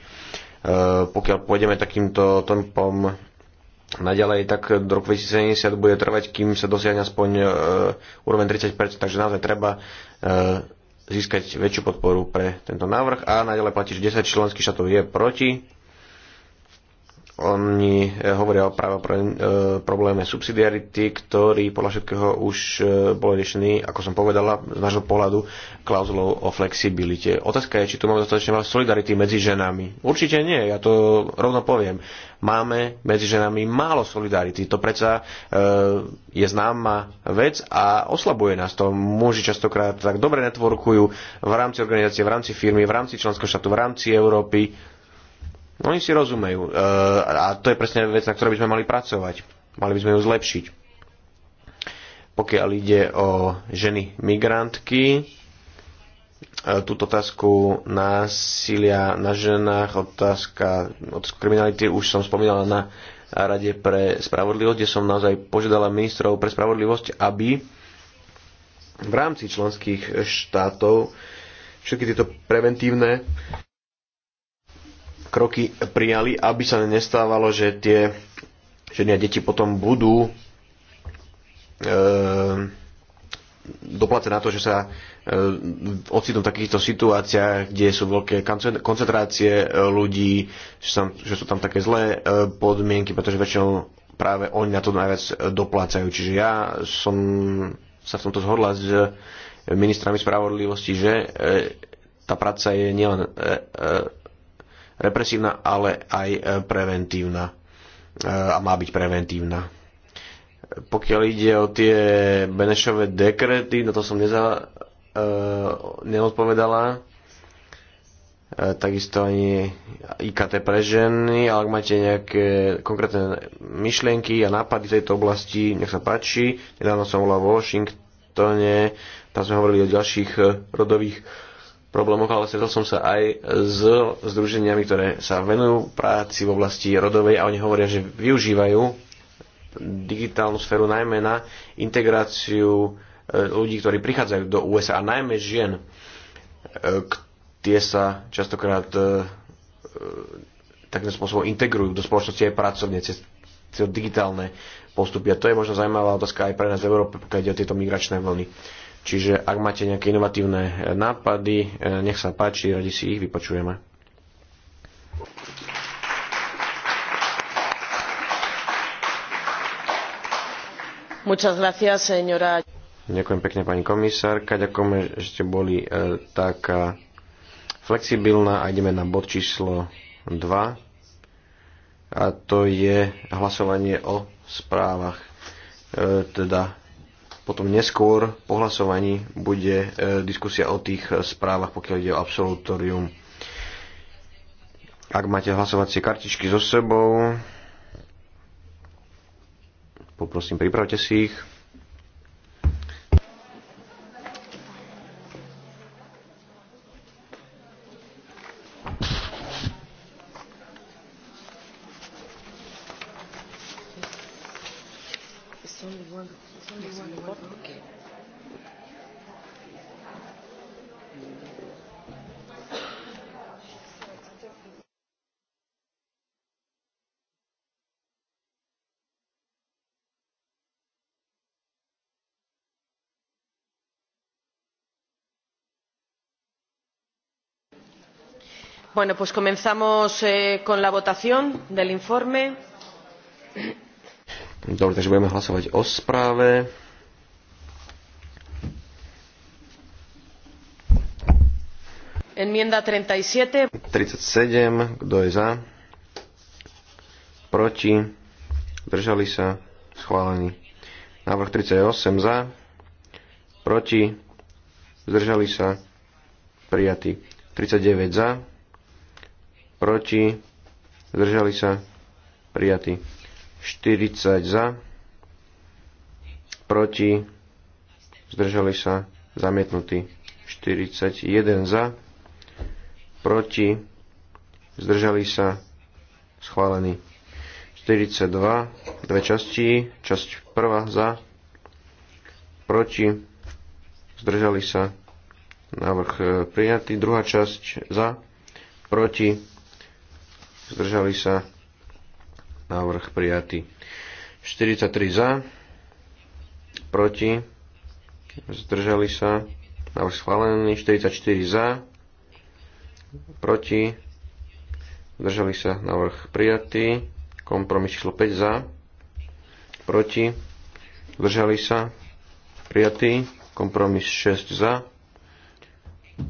pokiaľ pôjdeme takýmto tempom naďalej, tak do roku 2070 bude trvať, kým sa dosiahne aspoň e, úroveň 30%, takže naozaj treba získať väčšiu podporu pre tento návrh a naďalej platí, že 10 členských štátov je proti oni eh, hovoria o práve eh, probléme subsidiarity, ktorý podľa všetkého už eh, bol riešený, ako som povedala, z nášho pohľadu klauzulou o flexibilite. Otázka je, či tu máme dostatočne veľa solidarity medzi ženami. Určite nie, ja to rovno poviem. Máme medzi ženami málo solidarity. To predsa e, je známa vec a oslabuje nás to. Muži častokrát tak dobre netvorkujú v rámci organizácie, v rámci firmy, v rámci členského štátu, v rámci Európy oni si rozumejú e, a to je presne vec, na ktorej by sme mali pracovať. Mali by sme ju zlepšiť. Pokiaľ ide o ženy migrantky, e, túto otázku násilia na ženách, otázka, otázku kriminality už som spomínala na Rade pre spravodlivosť, kde som naozaj požiadala ministrov pre spravodlivosť, aby v rámci členských štátov všetky tieto preventívne kroky prijali, aby sa nestávalo, že tie ženy a deti potom budú e, doplácať na to, že sa e, ocitnú v takýchto situáciách, kde sú veľké koncentrácie e, ľudí, že, sa, že sú tam také zlé e, podmienky, pretože väčšinou práve oni na to najviac e, doplácajú. Čiže ja som sa v tomto zhodla s e, ministrami spravodlivosti, že e, tá práca je nielen e, e, represívna, ale aj e, preventívna e, a má byť preventívna. Pokiaľ ide o tie Benešové dekrety, na no to som neza, e, neodpovedala. E, takisto ani IKT pre ženy, ale ak máte nejaké konkrétne myšlienky a nápady v tejto oblasti, nech sa páči. Nedávno som bola v Washingtone, tam sme hovorili o ďalších e, rodových problémoch, ale stretol som sa aj s združeniami, ktoré sa venujú práci v oblasti rodovej a oni hovoria, že využívajú digitálnu sféru najmä na integráciu e, ľudí, ktorí prichádzajú do USA a najmä žien. E, tie sa častokrát e, takým spôsobom integrujú do spoločnosti aj pracovne cez, cez digitálne postupy. A to je možno zaujímavá otázka aj pre nás v Európe, pokiaľ ide o tieto migračné vlny. Čiže ak máte nejaké inovatívne e, nápady, e, nech sa páči, radi si ich vypočujeme.
Muchas gracias, señora.
Ďakujem pekne pani komisárka, ďakujeme, že ste boli e, taká flexibilná a ideme na bod číslo 2 a to je hlasovanie o správach. E, teda potom neskôr po hlasovaní bude e, diskusia o tých e, správach, pokiaľ ide o absolutorium. Ak máte hlasovacie kartičky so sebou, poprosím, pripravte si ich.
Bueno, pues comenzamos eh, con la votación del informe.
Dobre, takže budeme hlasovať o správe. Enmienda 37. 37. Kto je za? Proti? Držali sa? Schválený. Návrh 38 za. Proti? Zdržali sa? Prijatý. 39 za proti, zdržali sa, prijatí. 40 za, proti, zdržali sa, zamietnutí. 41 za, proti, zdržali sa, schválení. 42, dve časti, časť prvá za, proti, zdržali sa, návrh e, prijatý, druhá časť za, proti, zdržali sa, návrh prijatý. 43 za, proti, zdržali sa, návrh schválený. 44 za, proti, zdržali sa, návrh prijatý. Kompromis číslo 5 za, proti, zdržali sa, prijatý. Kompromis 6 za,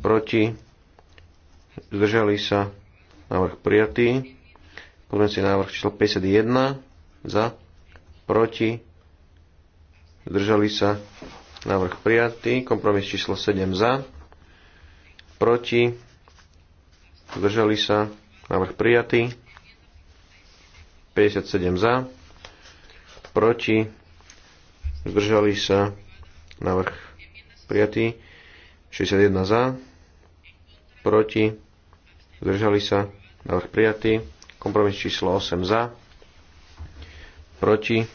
proti, zdržali sa, Návrh prijatý. Pozmeňujúci návrh číslo 51 za, proti, zdržali sa, návrh prijatý. Kompromis číslo 7 za, proti, zdržali sa, návrh prijatý. 57 za, proti, zdržali sa, návrh prijatý. 61 za, proti, zdržali sa, Návrh prijatý. Kompromis číslo 8 za. Proti.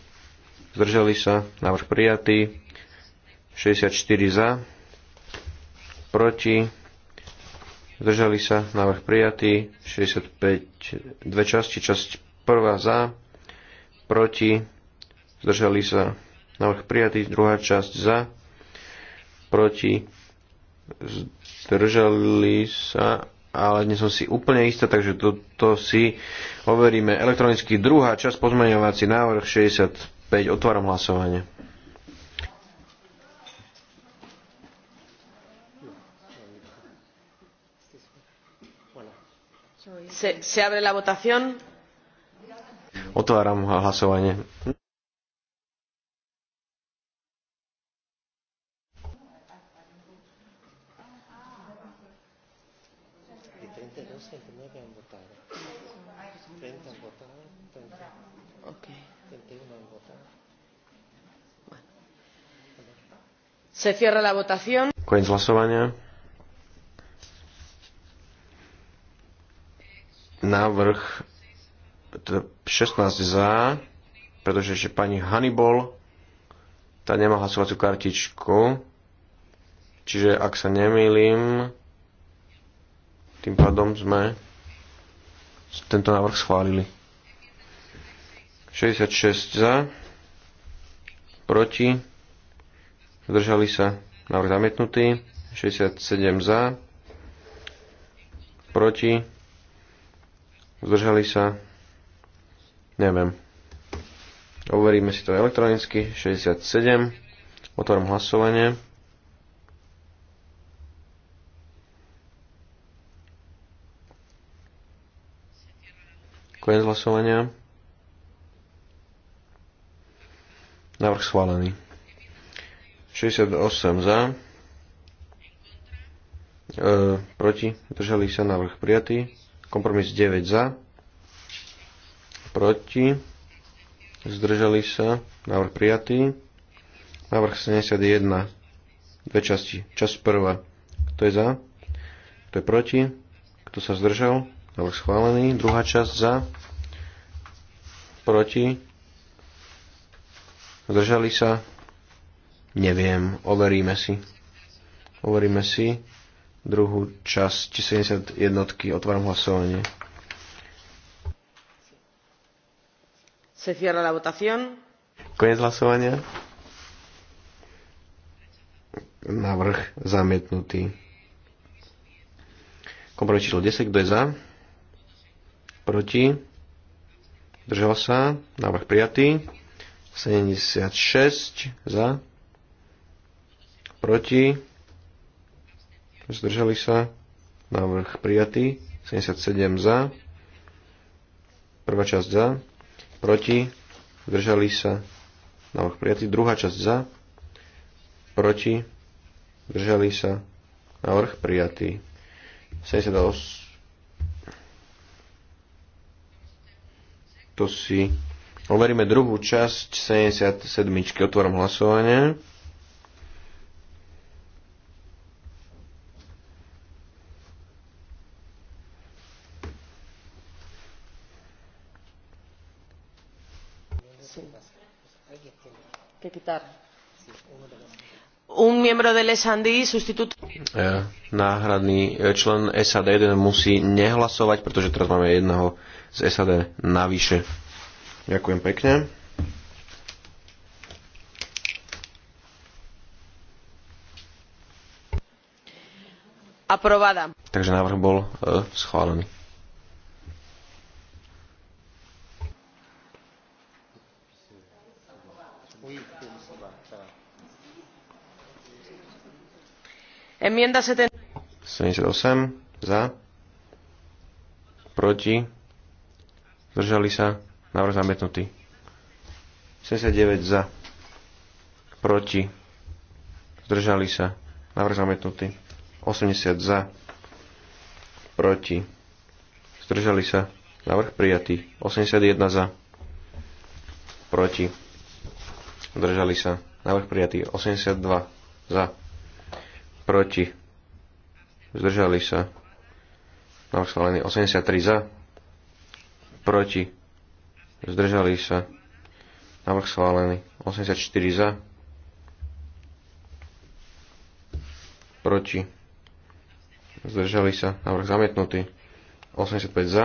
Zdržali sa. Návrh prijatý. 64 za. Proti. Zdržali sa. Návrh prijatý. 65. Dve časti. Časť prvá za. Proti. Zdržali sa. Návrh prijatý. Druhá časť za. Proti. Zdržali sa ale nie som si úplne istá, takže to, to si overíme. Elektronicky druhá časť pozmeňovací návrh 65. Otváram hlasovanie. Se, se abre la votación. Otváram hlasovanie. Se cierra la votación. Koniec hlasovania. Návrh 16 za, pretože ešte pani Hannibal tá nemá hlasovaciu kartičku. Čiže ak sa nemýlim, tým pádom sme tento návrh schválili. 66 za, proti zdržali sa, návrh zamietnutý, 67 za, proti, zdržali sa, neviem. Overíme si to elektronicky, 67, otvorím hlasovanie. Koniec hlasovania. Návrh schválený. 68 za. E, proti. Držali sa návrh prijatý. Kompromis 9 za. Proti. Zdržali sa. Návrh prijatý. Návrh 71. Dve časti. Čas prvá. Kto je za? Kto je proti? Kto sa zdržal? Návrh schválený. Druhá časť za. Proti. Zdržali sa. Neviem, overíme si. Overíme si druhú časť 71. Otváram hlasovanie.
Se cierra
la votación.
Konec hlasovania. Návrh zamietnutý. Kompromis číslo 10. Kto je za? Proti? Držal sa. Návrh prijatý. 76 za proti, zdržali sa, návrh prijatý, 77 za, prvá časť za, proti, zdržali sa, návrh prijatý, druhá časť za, proti, zdržali sa, návrh prijatý, 78, to si overíme druhú časť 77. otvorím hlasovanie. miembro del S&D sustituto... E, náhradný člen SAD 1 musí nehlasovať, pretože teraz máme jedného z SAD navyše. Ďakujem pekne.
Aprovada.
Takže návrh bol e, schválený. Enmienda 78 za, proti, zdržali sa, návrh zamietnutý. 79 za, proti, zdržali sa, návrh zamietnutý. 80 za, proti, zdržali sa, návrh prijatý. 81 za, proti, zdržali sa, návrh prijatý. 82 za, proti, zdržali sa, Na schválený 83 za, proti, zdržali sa, návrh schválený 84 za, proti, zdržali sa, návrh zamietnutý 85 za,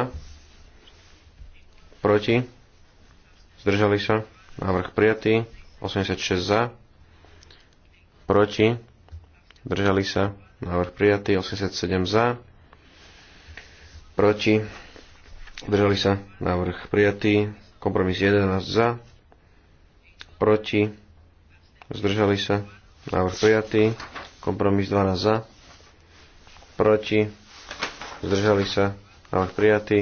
proti, zdržali sa, návrh prijatý 86 za, proti, Držali sa. Návrh prijatý. 87 za. Proti. Držali sa. Návrh prijatý. Kompromis 11 za. Proti. Zdržali sa. Návrh prijatý. Kompromis 12 za. Proti. Zdržali sa. Návrh prijatý.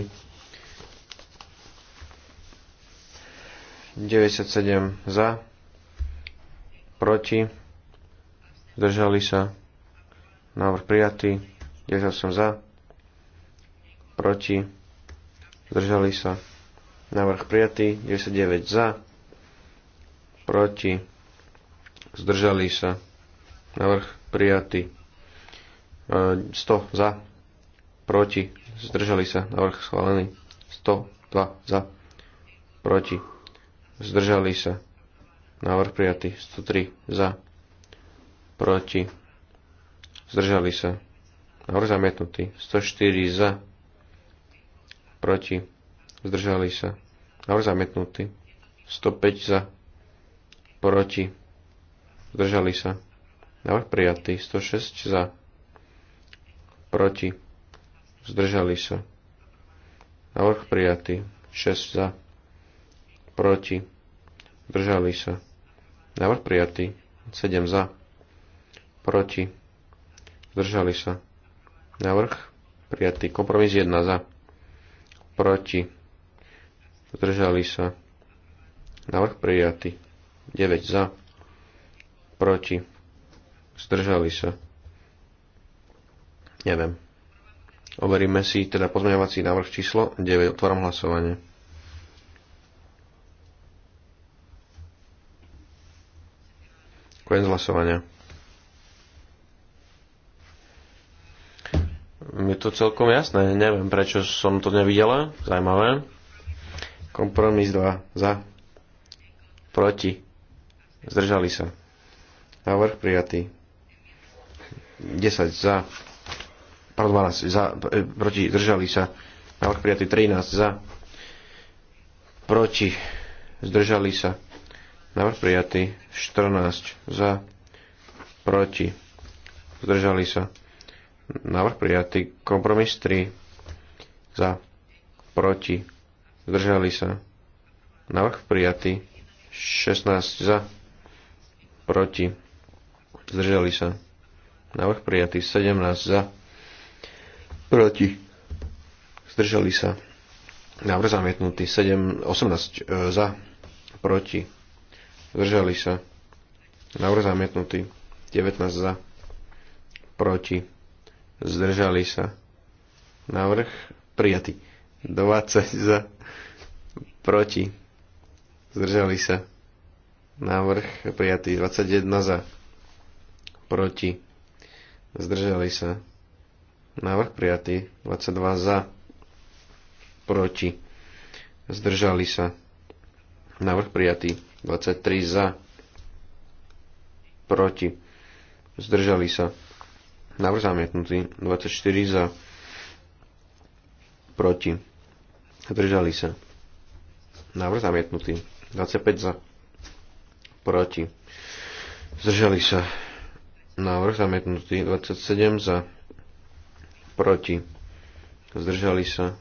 97 za. Proti zdržali sa, návrh prijatý, som za, proti, zdržali sa, návrh prijatý, 99 za, proti, zdržali sa, návrh prijatý, 100 e, za, proti, zdržali sa, návrh schválený, 102 za, proti, zdržali sa, návrh prijatý, 103 za, proti, zdržali sa, návrh zamietnutý, 104 za, proti, zdržali sa, návrh zamietnutý, 105 za, proti, zdržali sa, návrh prijatý, 106 za, proti, zdržali sa, návrh prijatý, 6 za, proti, zdržali sa, návrh prijatý, 7 za, proti, zdržali sa. Návrh prijatý. Kompromis 1 za, proti, zdržali sa. Návrh prijatý. 9 za, proti, zdržali sa. Neviem. Overíme si teda pozmeňovací návrh číslo 9. Otváram hlasovanie. Koniec hlasovania. je to celkom jasné. Neviem, prečo som to nevidela. Zajímavé. Kompromis 2. Za. Proti. Zdržali sa. Návrh prijatý. 10 za. Pardon, 12 e, za. Proti. Zdržali sa. Návrh prijatý. 13 za. Proti. Zdržali sa. Návrh prijatý. 14 za. Proti. Zdržali sa. Návrh prijatý. Kompromis 3. Za. Proti. Zdržali sa. Návrh prijatý. 16 za. Proti. Zdržali sa. Návrh prijatý. 17 za. Proti. Zdržali sa. Návrh zamietnutý. 7, 18 e, za. Proti. Zdržali sa. Návrh zamietnutý. 19 za. Proti zdržali sa. Návrh prijatý. 20 za, proti, zdržali sa. Návrh prijatý. 21 za, proti, zdržali sa. Návrh prijatý. 22 za, proti, zdržali sa. Návrh prijatý. 23 za, proti, zdržali sa. Návrh zamietnutý. 24 za. Proti. Zdržali sa. Návrh zamietnutý. 25 za. Proti. Zdržali sa. Návrh zamietnutý. 27 za. Proti. Zdržali sa.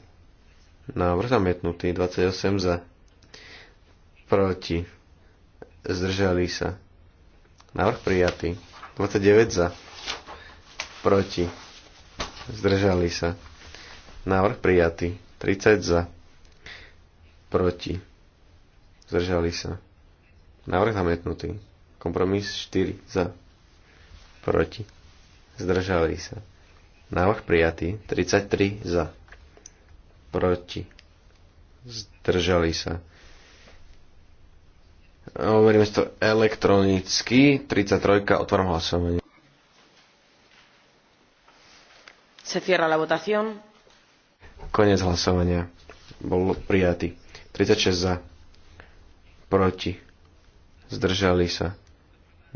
Návrh zamietnutý. 28 za. Proti. Zdržali sa. Návrh prijatý. 29 za proti, zdržali sa. Návrh prijatý. 30 za, proti, zdržali sa. Návrh zamietnutý. Kompromis 4 za, proti, zdržali sa. Návrh prijatý. 33 za, proti, zdržali sa. Overíme to elektronicky. 33. Otváram hlasovanie. Se cierra la votación. Konec hlasovania. Bol prijatý. 36 za. Proti. Zdržali sa.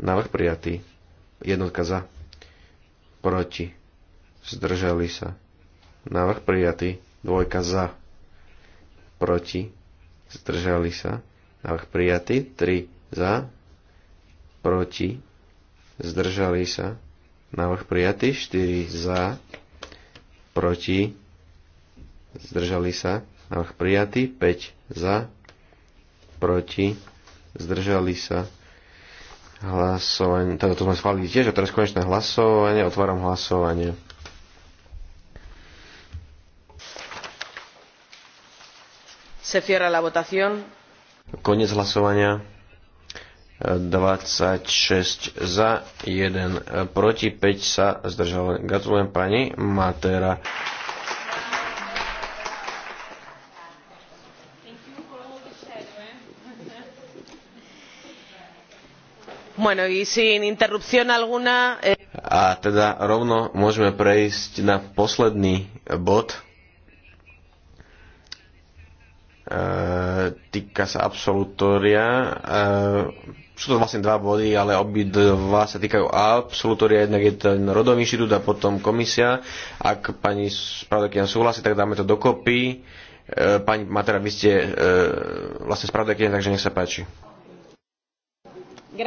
Návrh prijatý. Jednotka za. Proti. Zdržali sa. Návrh prijatý. Dvojka za. Proti. Zdržali sa. Návrh prijatý. 3 za. Proti. Zdržali sa. Návrh prijatý. 4 za proti, zdržali sa, návrh prijatý, 5 za, proti, zdržali sa, hlasovanie, teda to sme schválili tiež a teraz konečné hlasovanie, otváram hlasovanie.
Se cierra la votación.
Konec hlasovania. 26 za, 1 e, proti, 5 sa zdržalo. Gratulujem pani Matera. Bueno, y sin interrupción alguna... Eh... A teda rovno môžeme prejsť na posledný bod. E, týka sa absolutória. E, sú to vlastne dva body, ale obidva sa týkajú absolutória, jednak je ten rodový inštitút a potom komisia. Ak pani spravodajkina súhlasí, tak dáme to dokopy. E, pani Matera, vy ste e, vlastne spravodajkina, takže nech sa páči. E,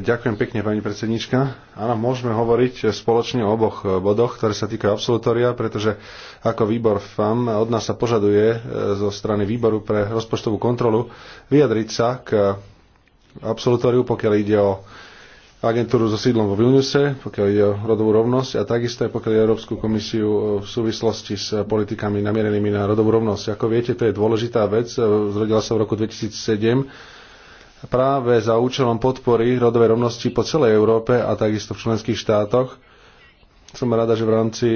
ďakujem pekne, pani predsednička. Áno, môžeme hovoriť spoločne o oboch e, bodoch, ktoré sa týkajú absolutória, pretože ako výbor FAM od nás sa požaduje e, zo strany výboru pre rozpočtovú kontrolu vyjadriť sa k absolutóriu, pokiaľ ide o agentúru so sídlom vo Vilniuse, pokiaľ ide o rodovú rovnosť a takisto aj pokiaľ ide Európsku komisiu v súvislosti s politikami namierenými na rodovú rovnosť. Ako viete, to je dôležitá vec. Zrodila sa v roku 2007 práve za účelom podpory rodovej rovnosti po celej Európe a takisto v členských štátoch. Som rada, že v rámci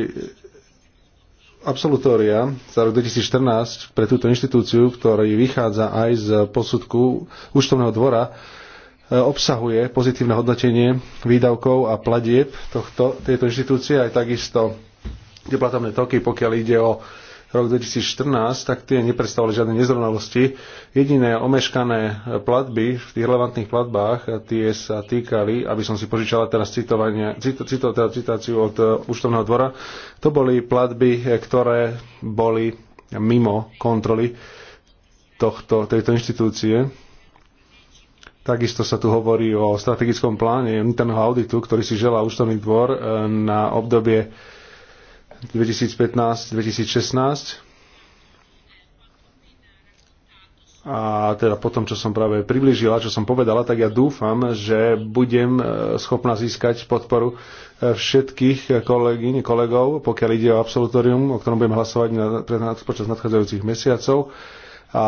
absolutória za rok 2014 pre túto inštitúciu, ktorý vychádza aj z posudku účtovného dvora, e, obsahuje pozitívne hodnotenie výdavkov a platieb tejto inštitúcie, aj takisto tie platobné toky, pokiaľ ide o rok 2014, tak tie neprestávali žiadne nezrovnalosti. Jediné omeškané platby v tých relevantných platbách, tie sa týkali, aby som si požičala teraz cito, cito, teda citáciu od e, úštovného dvora, to boli platby, e, ktoré boli mimo kontroly tohto, tejto inštitúcie. Takisto sa tu hovorí o strategickom pláne interného auditu, ktorý si želá úštovný dvor e, na obdobie 2015-2016. A teda po tom, čo som práve priblížila, čo som povedala, tak ja dúfam, že budem e, schopná získať podporu e, všetkých kolegyň, kolegov, pokiaľ ide o absolutorium, o ktorom budem hlasovať na, počas nadchádzajúcich mesiacov. A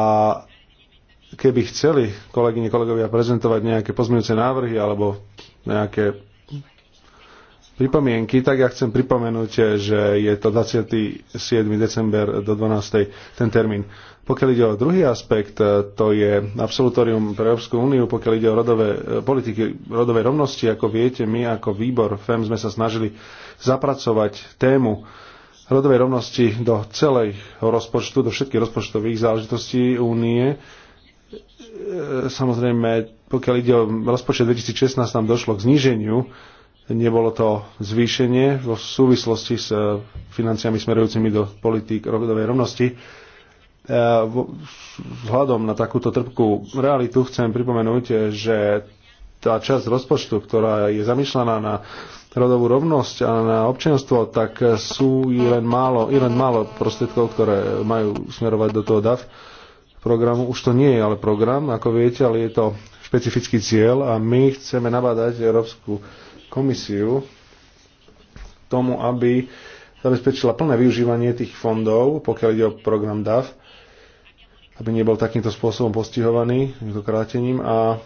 keby chceli kolegyne, kolegovia prezentovať nejaké pozmeňujúce návrhy alebo nejaké pripomienky, tak ja chcem pripomenúť, že je to 27. december do 12. ten termín. Pokiaľ ide o druhý aspekt, to je absolutorium pre Európsku úniu, pokiaľ ide o rodové politiky rodovej rovnosti, ako viete, my ako výbor FEM sme sa snažili zapracovať tému rodovej rovnosti do celej rozpočtu, do všetkých rozpočtových záležitostí únie. E, samozrejme, pokiaľ ide o rozpočet 2016, tam došlo k zníženiu Nebolo to zvýšenie vo súvislosti s eh, financiami smerujúcimi do politík rodovej rovnosti. Eh, vzhľadom na takúto trpkú realitu chcem pripomenúť, že tá časť rozpočtu, ktorá je zamýšľaná na rodovú rovnosť a na občianstvo, tak sú i len málo, i len málo prostriedkov, ktoré majú smerovať do toho DAF programu. Už to nie je ale program, ako viete, ale je to špecifický cieľ a my chceme nabádať Európsku komisiu k tomu, aby zabezpečila plné využívanie tých fondov, pokiaľ ide o program DAF, aby nebol takýmto spôsobom postihovaný, týmto krátením. A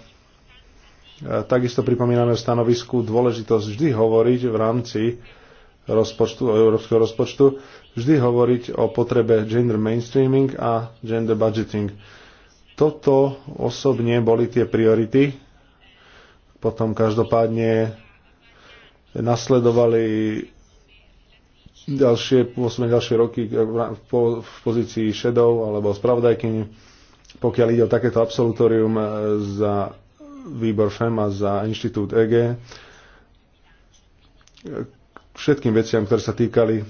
takisto pripomíname v stanovisku dôležitosť vždy hovoriť v rámci rozpočtu, európskeho rozpočtu, vždy hovoriť o potrebe gender mainstreaming a gender budgeting. Toto osobne boli tie priority. Potom každopádne Nasledovali ďalšie, posledné ďalšie roky v pozícii šedov alebo spravodajkyni, pokiaľ ide o takéto absolutórium e, za výbor FEM a za inštitút EG. E, všetkým veciam, ktoré sa týkali e,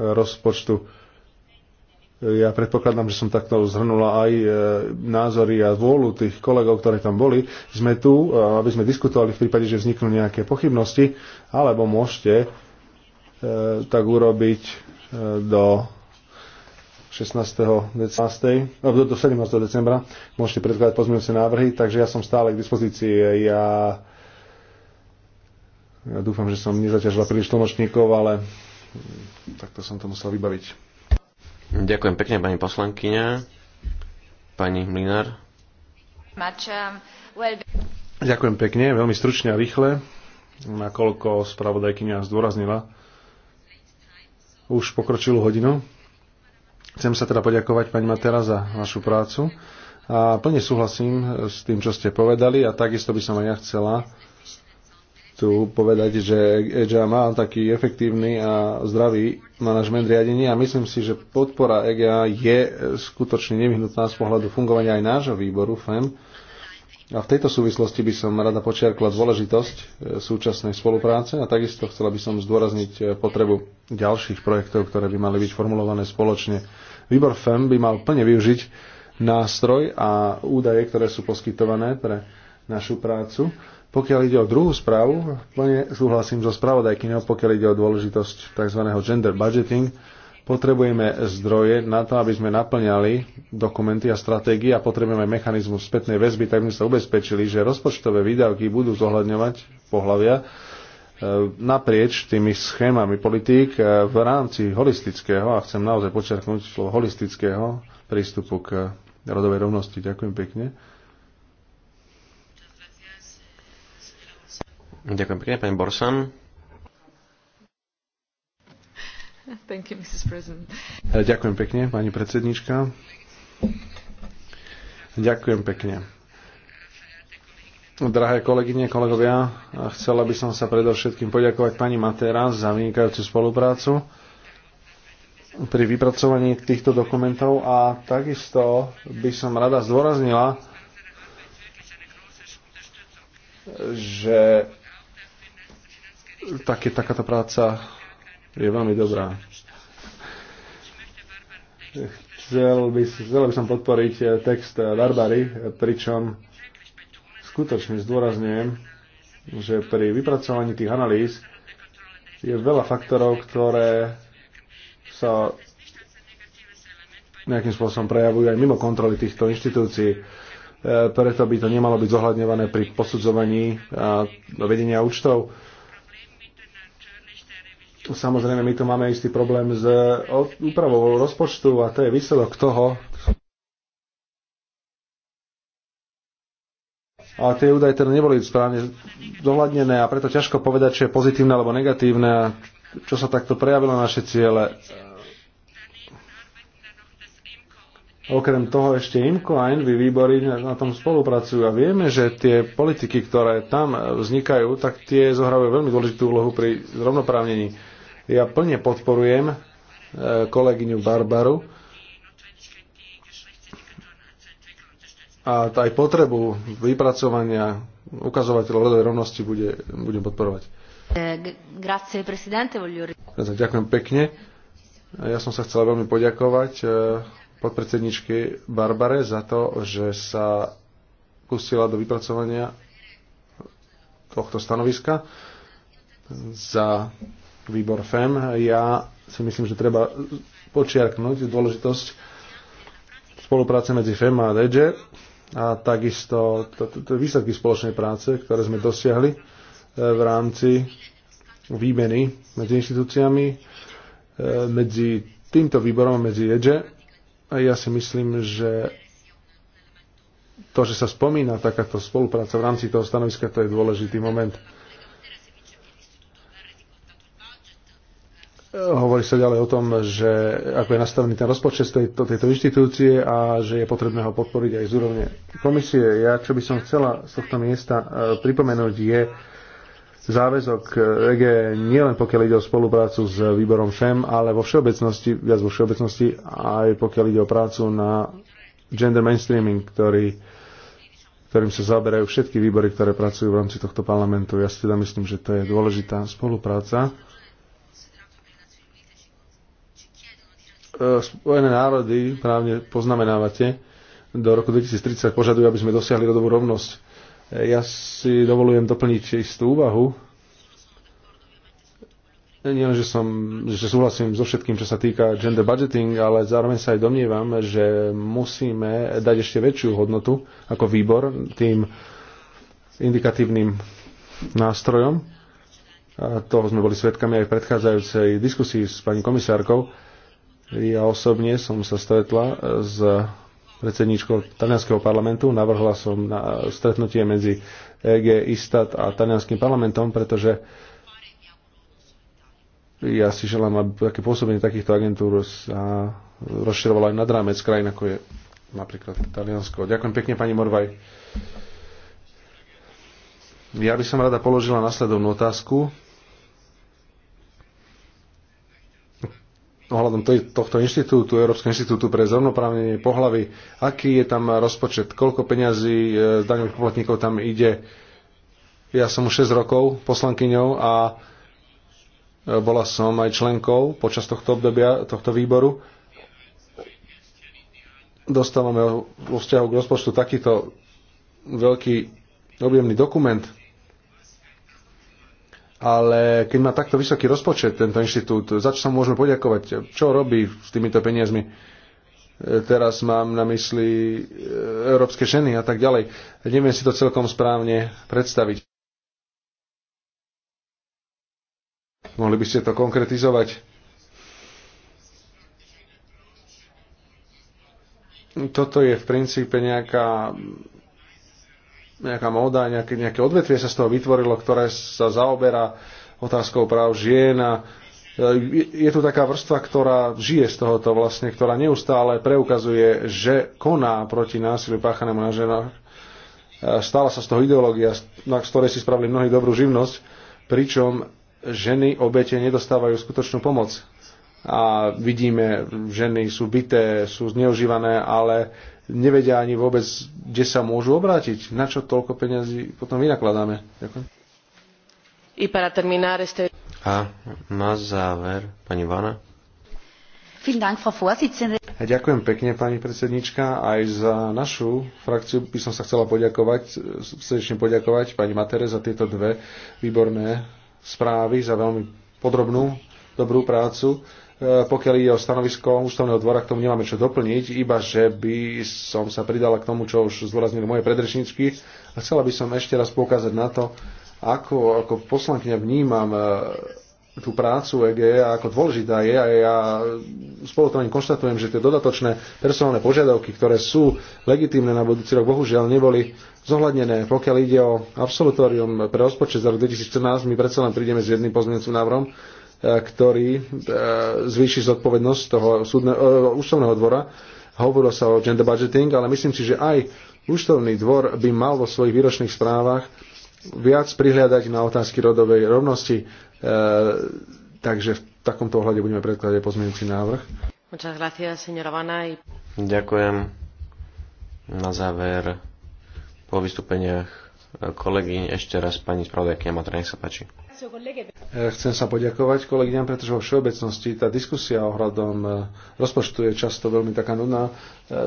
rozpočtu ja predpokladám, že som takto zhrnula aj e, názory a vôľu tých kolegov, ktorí tam boli. Sme tu, e, aby sme diskutovali v prípade, že vzniknú nejaké pochybnosti, alebo môžete e, tak urobiť do 16. Decembra, no, do 17. decembra môžete predkladať pozmeňujúce návrhy, takže ja som stále k dispozícii. Ja, ja dúfam, že som nezaťažila príliš tlmočníkov, ale takto som to musel vybaviť.
Ďakujem pekne, pani poslankyňa. Pani Mlinár.
Um,
Ďakujem pekne, veľmi stručne a rýchle, nakoľko spravodajkynia zdôraznila už pokročilú hodinu. Chcem sa teda poďakovať pani Matera za vašu prácu a plne súhlasím s tým, čo ste povedali a takisto by som aj ja chcela tu povedať, že EGA má taký efektívny a zdravý manažment riadenia a myslím si, že podpora EGA je skutočne nevyhnutná z pohľadu fungovania aj nášho výboru FEM. A v tejto súvislosti by som rada počiarkla dôležitosť e, súčasnej spolupráce a takisto chcela by som zdôrazniť e, potrebu ďalších projektov, ktoré by mali byť formulované spoločne. Výbor FEM by mal plne využiť nástroj a údaje, ktoré sú poskytované pre našu prácu pokiaľ ide o druhú správu, plne súhlasím so spravodajkyňou, pokiaľ ide o dôležitosť tzv. gender budgeting. Potrebujeme zdroje na to, aby sme naplňali dokumenty a stratégie a potrebujeme mechanizmus spätnej väzby, tak sme sa ubezpečili, že rozpočtové výdavky budú zohľadňovať pohľavia e, naprieč tými schémami politík e, v rámci holistického, a chcem naozaj počerknúť slovo holistického prístupu k rodovej rovnosti. Ďakujem pekne.
Ďakujem pekne, pani Borsan.
Thank you, Mrs. President. Eh,
ďakujem pekne, pani predsednička. Ďakujem pekne. Drahé kolegyne, kolegovia, chcela by som sa predovšetkým poďakovať pani Matera za vynikajúcu spoluprácu pri vypracovaní týchto dokumentov a takisto by som rada zdôraznila, že také, takáto práca je veľmi dobrá. Chcel by, chcel by som podporiť eh, text eh, Barbary, eh, pričom skutočne zdôrazňujem, že pri vypracovaní tých analýz je veľa faktorov, ktoré sa nejakým spôsobom prejavujú aj mimo kontroly týchto inštitúcií. Preto by to nemalo byť zohľadňované pri posudzovaní a vedenia účtov Samozrejme, my tu máme istý problém s úpravou rozpočtu a to je výsledok toho. A tie údaje teda neboli správne dohľadnené a preto ťažko povedať, či je pozitívne alebo negatívne a čo sa takto prejavilo na naše ciele. Okrem toho ešte IMCO a ENVY výbory na tom spolupracujú a vieme, že tie politiky, ktoré tam vznikajú, tak tie zohrávajú veľmi dôležitú úlohu pri zrovnoprávnení. Ja plne podporujem e, kolegyňu Barbaru a aj potrebu vypracovania ukazovateľov rodovej rovnosti bude, budem podporovať. E, ďakujem pekne. Ja som sa chcela veľmi poďakovať e, podpredsedničke Barbare za to, že sa pustila do vypracovania tohto stanoviska za výbor FEM. Ja si myslím, že treba počiarknúť dôležitosť spolupráce medzi FEM a DG a takisto výsledky spoločnej práce, ktoré sme dosiahli e, v rámci výmeny medzi inštitúciami, e, medzi týmto výborom a medzi EDGE. Ja si myslím, že to, že sa spomína takáto spolupráca v rámci toho stanoviska, to je dôležitý moment. Hovorí sa ďalej o tom, že ako je nastavený ten rozpočet tejto, tejto inštitúcie a že je potrebné ho podporiť aj z úrovne komisie. Ja, čo by som chcela z tohto miesta e, pripomenúť, je záväzok EG nielen pokiaľ ide o spoluprácu s výborom FEM, ale vo všeobecnosti, viac vo všeobecnosti, aj pokiaľ ide o prácu na gender mainstreaming, ktorý, ktorým sa zaoberajú všetky výbory, ktoré pracujú v rámci tohto parlamentu. Ja si teda myslím, že to je dôležitá spolupráca E, Spojené národy, právne poznamenávate, do roku 2030 požadujú, aby sme dosiahli rodovú rovnosť. E, ja si dovolujem doplniť istú úvahu. E, len, že, som, že súhlasím so všetkým, čo sa týka gender budgeting, ale zároveň sa aj domnievam, že musíme dať ešte väčšiu hodnotu ako výbor tým indikatívnym nástrojom. A toho sme boli svedkami aj v predchádzajúcej diskusii s pani komisárkou ja osobne som sa stretla e, s predsedničkou talianského parlamentu. Navrhla som na e, stretnutie medzi EG, Istat a talianským parlamentom, pretože ja si želám, aby také pôsobenie takýchto agentúr sa rozširovalo aj nad rámec krajín, ako je napríklad Taliansko. Ďakujem pekne, pani Morvaj. Ja by som rada položila nasledovnú otázku. ohľadom tohto inštitútu, Európskeho inštitútu pre zrovnoprávnenie pohlavy, aký je tam rozpočet, koľko peňazí e, z daňových poplatníkov tam ide. Ja som už 6 rokov poslankyňou a e, bola som aj členkou počas tohto obdobia, tohto výboru. Dostávame vo vzťahu k rozpočtu takýto veľký objemný dokument, ale keď má takto vysoký rozpočet tento inštitút, za čo sa môžeme poďakovať? Čo robí s týmito peniazmi? E, teraz mám na mysli e, európske ženy a tak ďalej. Neviem si to celkom správne predstaviť. Mohli by ste to konkretizovať? Toto je v princípe nejaká nejaká móda, nejaké, nejaké odvetvie sa z toho vytvorilo, ktoré sa zaoberá otázkou práv žien a e, je tu taká vrstva, ktorá žije z tohoto vlastne, ktorá neustále preukazuje, že koná proti násiliu páchanému na ženách. Stala sa z toho ideológia, z ktorej si spravili mnohí dobrú živnosť, pričom ženy obete nedostávajú skutočnú pomoc. A vidíme, ženy sú byté, sú zneužívané, ale nevedia ani vôbec, kde sa môžu obrátiť. Na čo toľko peňazí potom vynakladáme? Ďakujem.
I para terminar este...
A na záver, pani Vana. A ďakujem pekne, pani predsednička. Aj za našu frakciu by som sa chcela poďakovať, srdečne poďakovať pani Matere za tieto dve výborné správy, za veľmi podrobnú, dobrú prácu E, pokiaľ ide o stanovisko ústavného dvora, k tomu nemáme čo doplniť, iba že by som sa pridala k tomu, čo už zdôraznili moje predrečníčky. A chcela by som ešte raz poukázať na to, ako, ako poslankyňa vnímam e, tú prácu EGE e a ako dôležitá je a ja to konštatujem, že tie dodatočné personálne požiadavky, ktoré sú legitímne na budúci rok, bohužiaľ neboli zohľadnené. Pokiaľ ide o absolutórium pre rozpočet za rok 2014, my predsa len prídeme s jedným pozmeňujúcim návrhom, E, ktorý e, zvýši zodpovednosť toho súdne, e, ústavného dvora. Hovorilo sa o gender budgeting, ale myslím si, že aj ústavný dvor by mal vo svojich výročných správach viac prihľadať na otázky rodovej rovnosti. Takže v takomto ohľade budeme predkladať pozmeňujúci návrh. Ďakujem. Na záver
po vystúpeniach kolegy, ešte raz pani spravodajkyňa Matra, nech sa páči.
Chcem sa poďakovať kolegyňam, pretože vo všeobecnosti tá diskusia ohľadom e, rozpočtu je často veľmi taká nudná, e,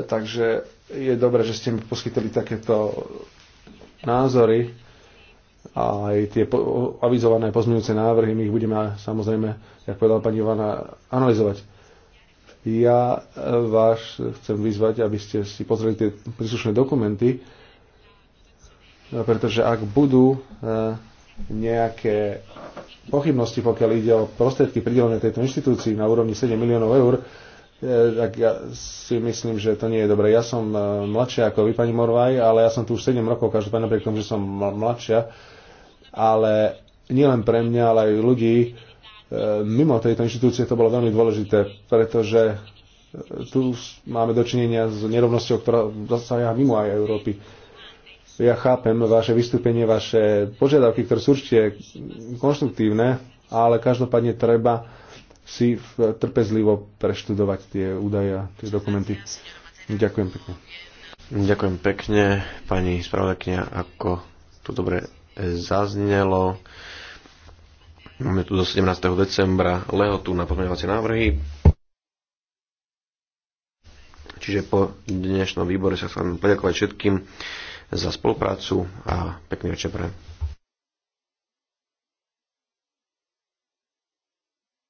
takže je dobré, že ste mi poskytli takéto názory a aj tie po- avizované pozmeňujúce návrhy, my ich budeme samozrejme, jak povedala pani Ivana, analyzovať. Ja e, vás chcem vyzvať, aby ste si pozreli tie príslušné dokumenty, No, pretože ak budú e, nejaké pochybnosti, pokiaľ ide o prostriedky pridelené tejto inštitúcii na úrovni 7 miliónov eur, e, tak ja si myslím, že to nie je dobré. Ja som e, mladšia ako vy, pani Morvaj, ale ja som tu už 7 rokov, každopádne napriek tomu, že som mladšia, ale nielen pre mňa, ale aj ľudí mimo tejto inštitúcie to bolo veľmi dôležité, pretože tu máme dočinenia s nerovnosťou, ktorá zasahuje mimo aj Európy ja chápem vaše vystúpenie, vaše požiadavky, ktoré sú určite konštruktívne, ale každopádne treba si trpezlivo preštudovať tie údaje a tie dokumenty. Ďakujem pekne. Ďakujem pekne,
pani spravodajkňa, ako to dobre zaznelo. Máme tu do 17. decembra lehotu na pozmeňovacie návrhy. Čiže po dnešnom výbore sa chcem poďakovať všetkým
za spoluprácu a pekný večer